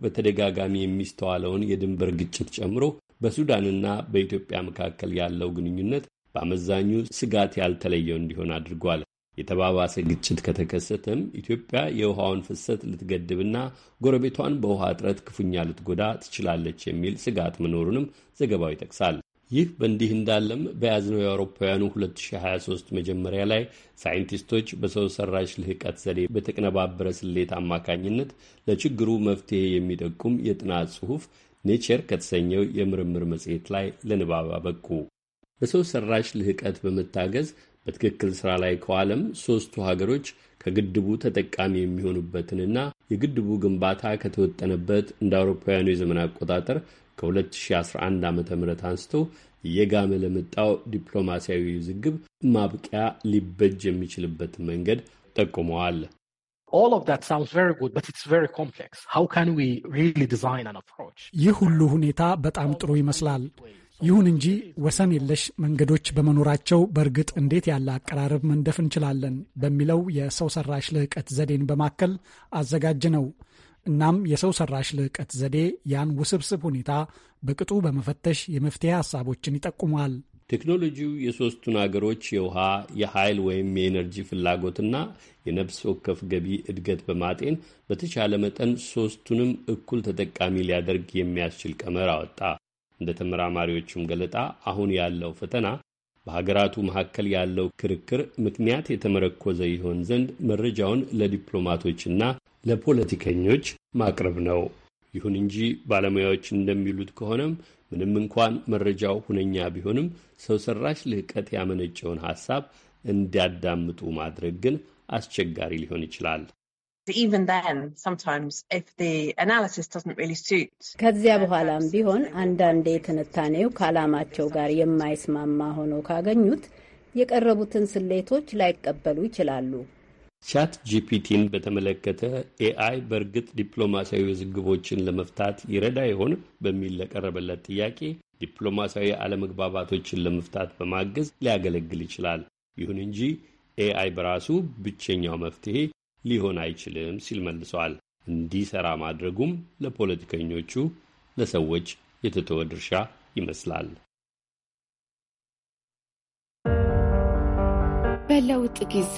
በተደጋጋሚ የሚስተዋለውን የድንበር ግጭት ጨምሮ በሱዳንና በኢትዮጵያ መካከል ያለው ግንኙነት በአመዛኙ ስጋት ያልተለየው እንዲሆን አድርጓል። የተባባሰ ግጭት ከተከሰተም ኢትዮጵያ የውሃውን ፍሰት ልትገድብና ጎረቤቷን በውሃ እጥረት ክፉኛ ልትጎዳ ትችላለች የሚል ስጋት መኖሩንም ዘገባው ይጠቅሳል። ይህ በእንዲህ እንዳለም በያዝነው የአውሮፓውያኑ 2023 መጀመሪያ ላይ ሳይንቲስቶች በሰው ሰራሽ ልህቀት ዘዴ በተቀነባበረ ስሌት አማካኝነት ለችግሩ መፍትሄ የሚጠቁም የጥናት ጽሑፍ ኔቸር ከተሰኘው የምርምር መጽሔት ላይ ለንባብ አበቁ። በሰው ሰራሽ ልህቀት በመታገዝ በትክክል ሥራ ላይ ከዋለም ሦስቱ ሀገሮች ከግድቡ ተጠቃሚ የሚሆኑበትንና የግድቡ ግንባታ ከተወጠነበት እንደ አውሮፓውያኑ የዘመን አቆጣጠር ከ2011 ዓ ም አንስቶ እየጋመ ለመጣው ዲፕሎማሲያዊ ውዝግብ ማብቂያ ሊበጅ የሚችልበትን መንገድ ጠቁመዋል። all of that sounds very good, but it's very complex. How can we really design an approach? ይህ ሁሉ ሁኔታ በጣም ጥሩ ይመስላል። ይሁን እንጂ ወሰን የለሽ መንገዶች በመኖራቸው በእርግጥ እንዴት ያለ አቀራረብ መንደፍ እንችላለን በሚለው የሰው ሰራሽ ልዕቀት ዘዴን በማከል አዘጋጅ ነው። እናም የሰው ሰራሽ ልዕቀት ዘዴ ያን ውስብስብ ሁኔታ በቅጡ በመፈተሽ የመፍትሄ ሀሳቦችን ይጠቁማል። ቴክኖሎጂው የሶስቱን አገሮች የውሃ የኃይል ወይም የኤነርጂ ፍላጎትና የነፍስ ወከፍ ገቢ እድገት በማጤን በተቻለ መጠን ሶስቱንም እኩል ተጠቃሚ ሊያደርግ የሚያስችል ቀመር አወጣ። እንደ ተመራማሪዎቹም ገለጣ አሁን ያለው ፈተና በሀገራቱ መካከል ያለው ክርክር ምክንያት የተመረኮዘ ይሆን ዘንድ መረጃውን ለዲፕሎማቶችና ለፖለቲከኞች ማቅረብ ነው። ይሁን እንጂ ባለሙያዎች እንደሚሉት ከሆነም ምንም እንኳን መረጃው ሁነኛ ቢሆንም ሰው ሰራሽ ልህቀት ያመነጨውን ሀሳብ እንዲያዳምጡ ማድረግ ግን አስቸጋሪ ሊሆን ይችላል። ከዚያ በኋላም ቢሆን አንዳንዴ ትንታኔው ከዓላማቸው ጋር የማይስማማ ሆኖ ካገኙት የቀረቡትን ስሌቶች ላይቀበሉ ይችላሉ። ቻት ጂፒቲን በተመለከተ ኤአይ በእርግጥ ዲፕሎማሲያዊ ውዝግቦችን ለመፍታት ይረዳ ይሆን በሚል ለቀረበለት ጥያቄ ዲፕሎማሲያዊ አለመግባባቶችን ለመፍታት በማገዝ ሊያገለግል ይችላል። ይሁን እንጂ ኤአይ በራሱ ብቸኛው መፍትሄ ሊሆን አይችልም ሲል መልሰዋል። እንዲሰራ ማድረጉም ለፖለቲከኞቹ፣ ለሰዎች የተተወ ድርሻ ይመስላል። በለውጥ ጊዜ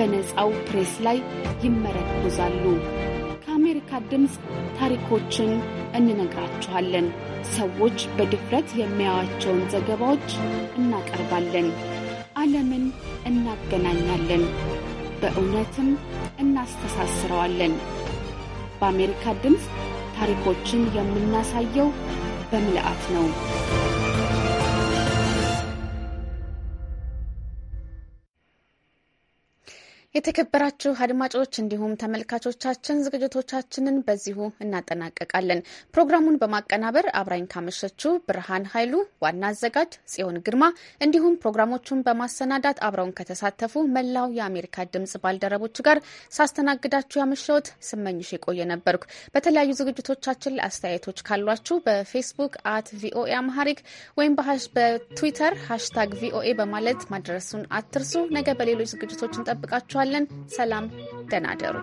በነፃው ፕሬስ ላይ ይመረኮዛሉ። ከአሜሪካ ድምፅ ታሪኮችን እንነግራችኋለን። ሰዎች በድፍረት የሚያያቸውን ዘገባዎች እናቀርባለን። ዓለምን እናገናኛለን፣ በእውነትም እናስተሳስረዋለን። በአሜሪካ ድምፅ ታሪኮችን የምናሳየው በምልአት ነው። የተከበራችሁ አድማጮች እንዲሁም ተመልካቾቻችን ዝግጅቶቻችንን በዚሁ እናጠናቀቃለን። ፕሮግራሙን በማቀናበር አብራኝ ካመሸችው ብርሃን ኃይሉ፣ ዋና አዘጋጅ ጽዮን ግርማ እንዲሁም ፕሮግራሞቹን በማሰናዳት አብረውን ከተሳተፉ መላው የአሜሪካ ድምጽ ባልደረቦች ጋር ሳስተናግዳችሁ ያመሸሁት ስመኝሽ የቆየ ነበርኩ። በተለያዩ ዝግጅቶቻችን ላይ አስተያየቶች ካሏችሁ በፌስቡክ አት ቪኦኤ አምሃሪክ ወይም በትዊተር ሃሽታግ ቪኦኤ በማለት ማድረሱን አትርሱ። ነገ በሌሎች ዝግጅቶች እንጠብቃችኋል። እንላችኋለን። ሰላም፣ ደህና ደሩ።